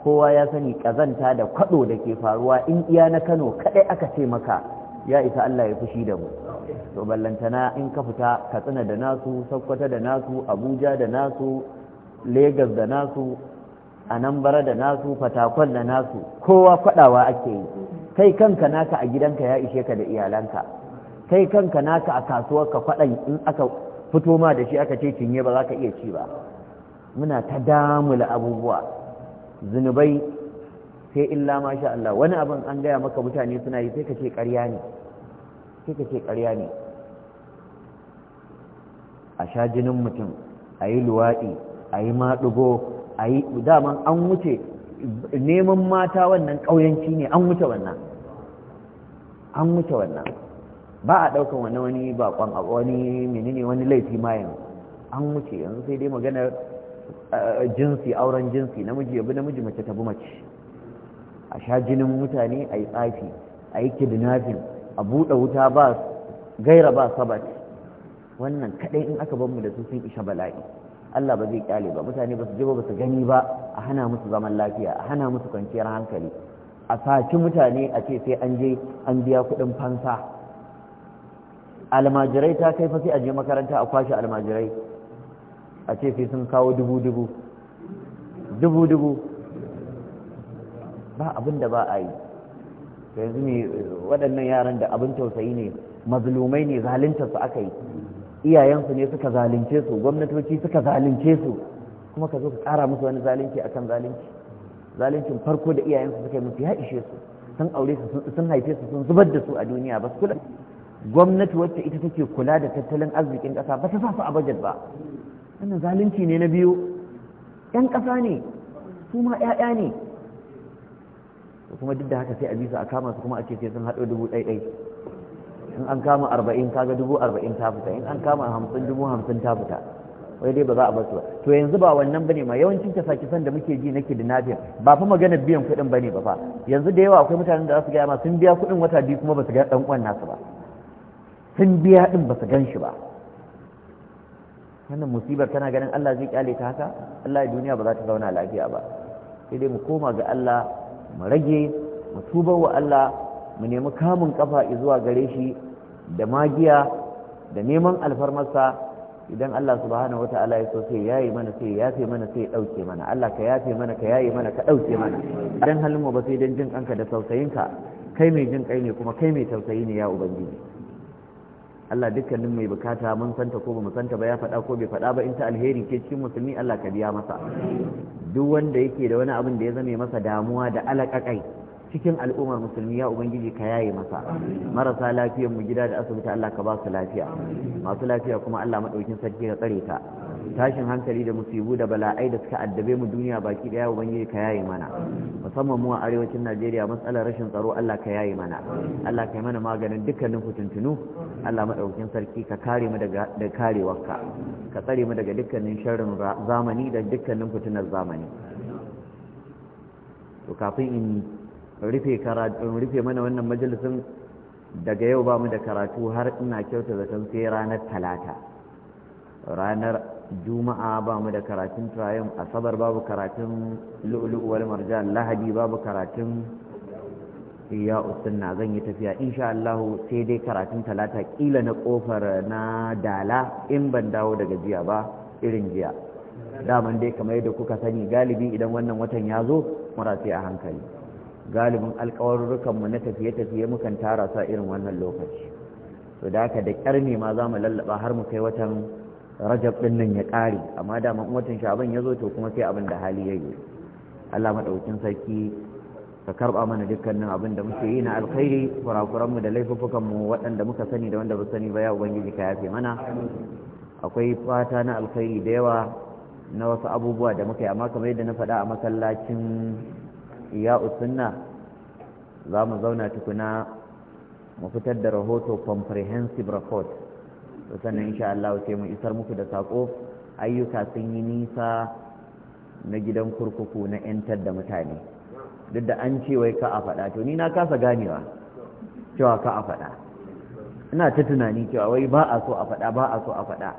kowa ya sani kazanta da kwado da ke faruwa in iya na Kano kadai aka ce maka ya isa Allah ya fushi da mu to ballantana in ka fita Katsina da nasu Sokoto da nasu Abuja da nasu Legas da nasu anambara da nasu fatakwal da nasu kowa kwadawa ake yi kai kanka naka a gidanka ya ishe ka da iyalanka kai kanka naka a kasuwar ka kwadan in aka fito ma da shi aka ce cinye ba za ka iya ci ba muna ta damula abubuwa zunubai sai illa masha Allah wani abin an gaya maka mutane suna yi sai ka ce ƙarya ne sai ka ce ƙarya ne a sha jinin mutum a yi luwaɗi a yi maɗugo a yi daman an wuce neman mata wannan ƙauyanci ne an wuce wannan an wuce wannan ba a ɗaukan wani wani baƙon, a wani menene wani laifi mayan an wuce yanzu sai dai maganar eh, jinsi auren jinsi namiji ya bi namiji mace ta bi mace a sha jinin mutane a yi tsafi a yi kidnapping a buɗe wuta ba gaira ba sabat wannan kaɗai in aka banmu da su sun isha bala'i Allah ba zai kyale ba mutane ba su ji ba su gani ba a hana musu zaman lafiya a hana musu kwanciyar hankali a saci mutane a ce sai an je an biya kuɗin fansa almajirai ta kai fa sai a je makaranta a kwashe almajirai a ce sai sun kawo dubu dubu dubu dubu ba abin da ba a yi yanzu ne waɗannan yaran da abin tausayi ne mazlumai ne zalunta su aka yi iyayensu ne suka zalunce su gwamnatoci suka zalunce su kuma ka zo ka ƙara musu wani zalunci akan zalunci zaluncin farko da iyayensu suka yi musu ya ishe su sun aure su sun haife su sun zubar da su a duniya ba su gwamnati wacce ita take kula da tattalin arzikin ƙasa ba ta sa su a bajet ba wannan zalunci ne na biyu Yan ƙasa ne su ma ƴaƴa ne kuma duk da haka sai a bi a kama su kuma a ce sai sun haɗo dubu ɗai-ɗai. in an kama arba'in kaga dubu arba'in ta fita in an kama hamsin dubu hamsin ta fita wai dai ba za a basu ba to yanzu ba wannan bane ma yawancin kasa-kisan da muke ji nake da nafiya ba fa magana biyan kuɗin bane ba fa yanzu da yawa akwai mutanen da za su gaya ma sun biya kuɗin wata biyu kuma ba su ga ɗan uwan nasu ba sun biya ɗin ba su gan shi ba wannan musibar tana ganin Allah zai kyale ta haka Allah duniya ba za ta zauna lafiya ba sai dai mu koma ga Allah mu rage mu tuba wa Allah mu nemi kamun kafa zuwa gare shi da magiya da neman alfarmarsa idan Allah subhanahu wata'ala ya so sai yayi mana sai ya yafe mana sai dauke mana Allah ka yafe mana ka yayi mana ka dauke mana dan halin mu ba sai dan jin kanka da tausayinka kai mai jin kai ne kuma kai mai tausayi ne ya ubangiji Allah dukkanin mai bukata mun san ta ko ba mu san ta ba ya faɗa ko bai faɗa ba in ta alheri ke cikin musulmi Allah ka biya masa duk wanda yake da wani abin da ya zame masa damuwa da alaƙaƙai cikin al'ummar musulmi ya ubangiji ka yaye masa marasa lafiyar mu gida da asibiti Allah ka ba su lafiya masu lafiya kuma Allah madaukin sarki ka tsare ta tashin hankali da musibu da bala'ai da suka addabe mu duniya baki daya ubangiji ka yaye mana musamman mu a arewacin Najeriya matsalar rashin tsaro Allah ka yaye mana Allah ka yi mana maganin dukkanin fitintunu Allah madaukin sarki ka kare mu daga da karewarka ka tsare mu daga dukkanin sharrin zamani da dukkanin fitinar zamani to kafin in rufe mana wannan majalisin daga yau ba mu da karatu har ina kyauta zaton sai ranar talata ranar juma'a ba mu da karatun turayen asabar babu karatun wal marjan lahadi babu karatun ya usunna zan yi tafiya insha Allah sai dai karatun talata kila na kofar na dala in ban dawo daga jiya ba irin jiya daman dai kamar yadda kuka sani galibi idan wannan watan ya zo mura sai a hankali galibin mu na tafiye-tafiye mukan tara sa irin wannan lokaci to da haka da ƙarni ma za mu lallaba har mu kai watan rajab ɗin nan ya ƙare amma daman watan shaban ya zo to kuma sai abin da hali ya yi allah maɗaukin sarki ka karɓa mana dukkanin abin da muke yi na alkhairi kurakuranmu da laifuffukanmu waɗanda muka sani da wanda ba sani ba ya ubangiji ka yafe mana akwai fata na alkhairi da yawa na wasu abubuwa da muka yi amma kamar yadda na faɗa a masallacin iya usunna za mu zauna tukuna mu fitar da rahoto comprehensive report to sannan insha Allah sai mu isar muku da sako ayyuka sun yi nisa na gidan kurkuku na 'yantar da mutane duk da an ce wai ka a faɗa to ni na kasa ganewa cewa ka a faɗa ina ta tunani cewa wai ba a so a faɗa ba a so a faɗa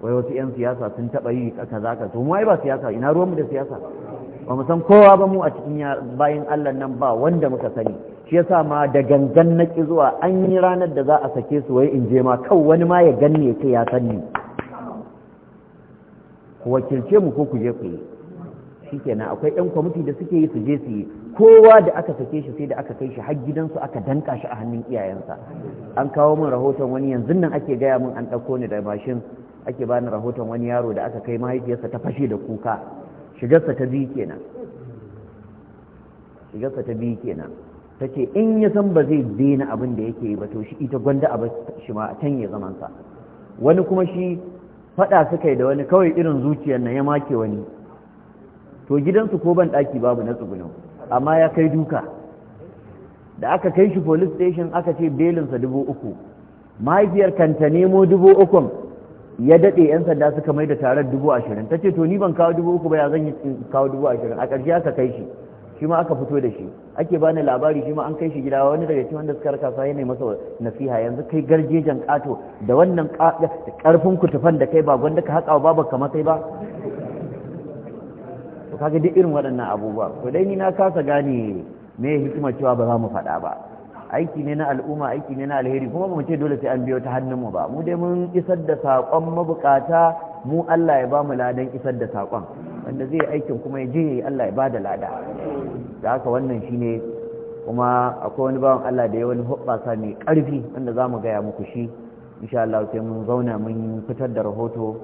wai wasu 'yan siyasa sun taɓa yi kaza ka to mu ai ba siyasa ina ruwanmu da siyasa ba mu san kowa ba mu a cikin bayan Allah nan ba wanda muka sani shi yasa ma da gangan na ki zuwa an yi ranar da za a sake su wai in je ma kau wani ma ya ganne ce ya sani ku wakilce mu ko ku je ku yi kenan akwai ɗan kwamiti da suke yi su je su yi kowa da aka sake shi sai da aka kai shi har gidansu aka danka shi a hannun iyayensa an kawo min rahoton wani yanzu nan ake gaya mun an ɗauko ni da mashin ake bani rahoton wani yaro da aka kai mahaifiyarsa ta fashe da kuka shigarsa ta biyu kenan shigarsa ta biyu kenan ta ce in ya san ba zai daina abin da yake yi ba to shi ita gwanda a shi ma a can ya zamansa wani kuma shi faɗa suka yi da wani kawai irin zuciyar na ya make wani to gidansu ko ban daki babu na tsugunin amma ya kai duka da aka kai shi police station aka ce belinsa dubu uku mahaifiyar kanta nemo dubu ukun ya daɗe 'yan sanda suka mai da tarar dubu ashirin ta ce to ni ban kawo dubu uku ba ya zan yi kawo dubu ashirin a ƙarshe aka kai shi shi ma aka fito da shi ake bani labari shi ma an kai shi gida wani daga cikin wanda suka raka sa yana masa nasiha yanzu kai garjejan ƙato da wannan ƙarfin kutufan da kai ba gwanda ka haƙa ba ka matsayi ba to kaga duk irin waɗannan abubuwa ko dai ni na kasa gane me hikima cewa ba za mu faɗa ba aiki ne na al'umma aiki ne na alheri kuma ba mu ce dole sai an biyo ta hannunmu ba mu dai mun isar da saƙon mabukata mu Allah ya ba mu ladan isar da saƙon wanda zai aikin kuma ya je ya Allah ya ba da lada da haka wannan shi ne kuma akwai wani bawan Allah da ya wani hoɓasa mai ƙarfi wanda za mu gaya muku shi insha Allah sai mun zauna mun fitar da rahoto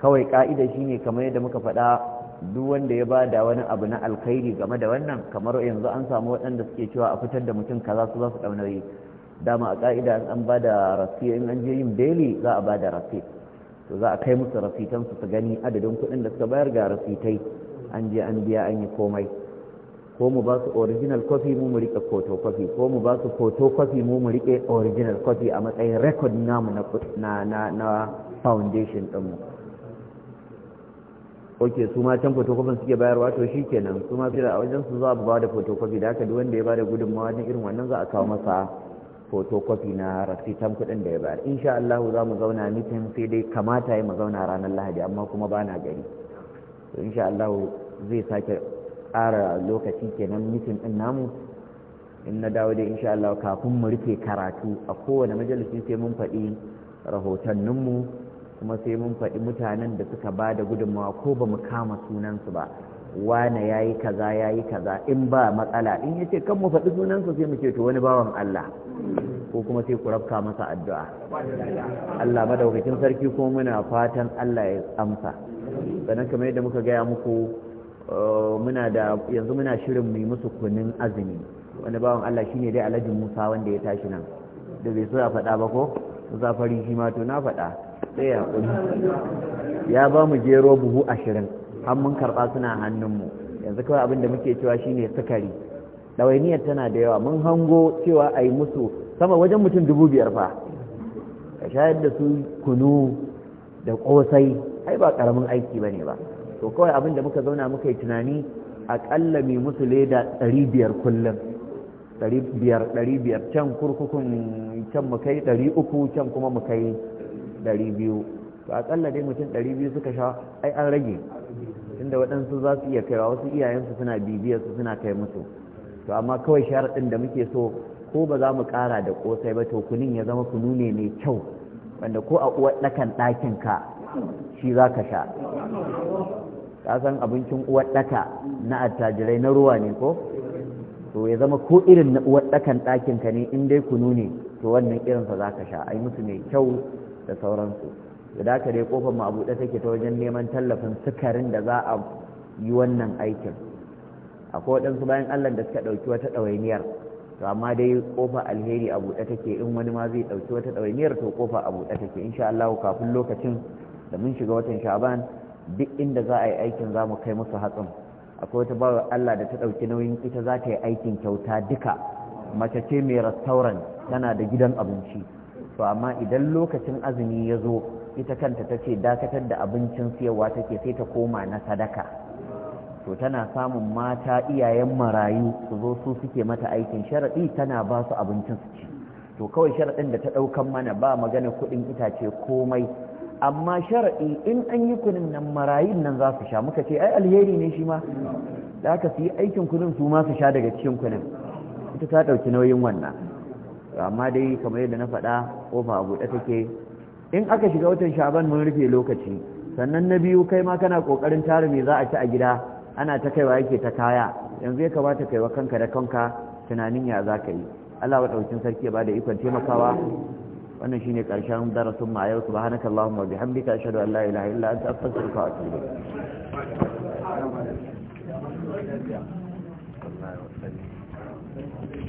kawai ka'ida shi ne kamar yadda muka faɗa duk wanda ya bada wani abu na alkhairi game da wannan kamar yanzu an samu waɗanda suke cewa a fitar da mutum kaza su zasu su ɗaunari dama a ƙa'ida an ba da rafi in an je yin beli za a ba rafi to za a kai musu rafitan su su gani adadin kuɗin da suka bayar ga rafitai an je an biya an yi komai ko mu ba su original coffee mu mu riƙe photocopy ko mu ba su photocopy mu mu riƙe original coffee a matsayin record namu na na na foundation ɗinmu oke su ma can photocopy suke bayarwa to shi kenan su ma a wajen su za a ba da photocopy da haka duwanda wanda ya bada gudunmawa na irin wannan za a kawo masa photocopy na rasitan kudin da ya bayar insha Allah za mu zauna mitin sai dai kamata yi mu zauna ranar Lahadi amma kuma ba na gari to insha Allah zai sake ƙara lokaci kenan mitin din namu in na dawo dai insha Allah kafin mu rufe karatu a kowane majalisi sai mun faɗi rahotanninmu kuma sai mun faɗi mutanen da suka ba da gudunmawa ko ba mu kama sunansu ba wane ya yi kaza ya yi kaza in ba matsala in ya ce kan mu faɗi sunansu sai mu ce to wani bawan Allah ko kuma sai ku rafka masa addu'a Allah madaukakin sarki ko muna fatan Allah ya amsa sannan kamar yadda muka gaya muku eh, muna da yanzu muna shirin mu musu kunin azumi wani bawan Allah shine dai Alhaji Musa wanda ya tashi nan da bai so ya faɗa ba ko zafari shi ma to na faɗa sai ya kuli ya ba mu gero buhu ashirin an mun karɓa suna hannunmu yanzu kawai abinda muke cewa shine sukari ɗawainiyar tana da yawa mun hango cewa a yi musu sama wajen mutum dubu biyar fa ka shayar da su kunu da ƙosai ai ba ƙaramin aiki ba ne ba to kawai abinda muka zauna muka yi tunani aƙalla mai musu leda ɗari biyar kullum ɗari biyar ɗari biyar can kurkukun can mu kai ɗari uku can kuma mu kai 200 to akalla dai mutum ɗari biyu suka sha ai an rage Tunda waɗansu za su iya kaiwa wasu iyayensu suna bibiyar su suna kai musu to amma kawai sharaɗin da muke so ko ba za mu ƙara da ƙosai ba to kunin ya zama kunu ne mai kyau wanda ko a uwar ɗakan ɗakin ka shi za ka sha ka san abincin uwar ɗaka na attajirai na ruwa ne ko to ya zama ko irin na uwar ɗakan ɗakin ka ne in dai kunu ne to wannan irinsa za ka sha ai musu mai kyau da sauransu da aka dai kofar mu a buɗe take ta wajen neman tallafin sukarin da za a yi wannan aikin akwai waɗansu bayan allah da suka ɗauki wata ɗawainiyar to amma dai kofa alheri a buɗe take in wani ma zai ɗauki wata ɗawainiyar to kofa a buɗe take insha allahu kafin lokacin da mun shiga watan sha'ban duk inda za a yi aikin za mu kai musu hatsin akwai wata bawa Allah da ta ɗauki nauyin ita za ta yi aikin kyauta duka mace ce mai restaurant tana da gidan abinci to amma idan lokacin azumi ya zo ita kanta ta ce dakatar da abincin siyarwa take sai ta koma na sadaka to tana samun mata iyayen marayu su zo su suke mata aikin sharaɗi tana ba su abincin su ci to kawai sharaɗin da ta ɗaukan mana ba magana kuɗin itace komai amma sharaɗi in an yi kunin nan marayun nan za su sha muka ce ai alheri ne shi ma da aka su yi aikin kunin su ma su sha daga cikin kunin ita ta ɗauki nauyin wannan amma dai kamar yadda na faɗa kofa a buɗe take in aka shiga watan shagon mun rufe lokaci sannan na biyu kai ma kana kokarin tara me za a ci a gida ana ta kaiwa yake ta kaya yanzu ya kamata kaiwa kanka da kanka tunanin ya za ka yi Allah ɗaukin sarki ya bada ikon taimakawa wannan shine karshen darasin mu a yau subhanakallahumma wa bihamdika ashhadu an la ilaha illa anta astaghfiruka wa atubu ilaik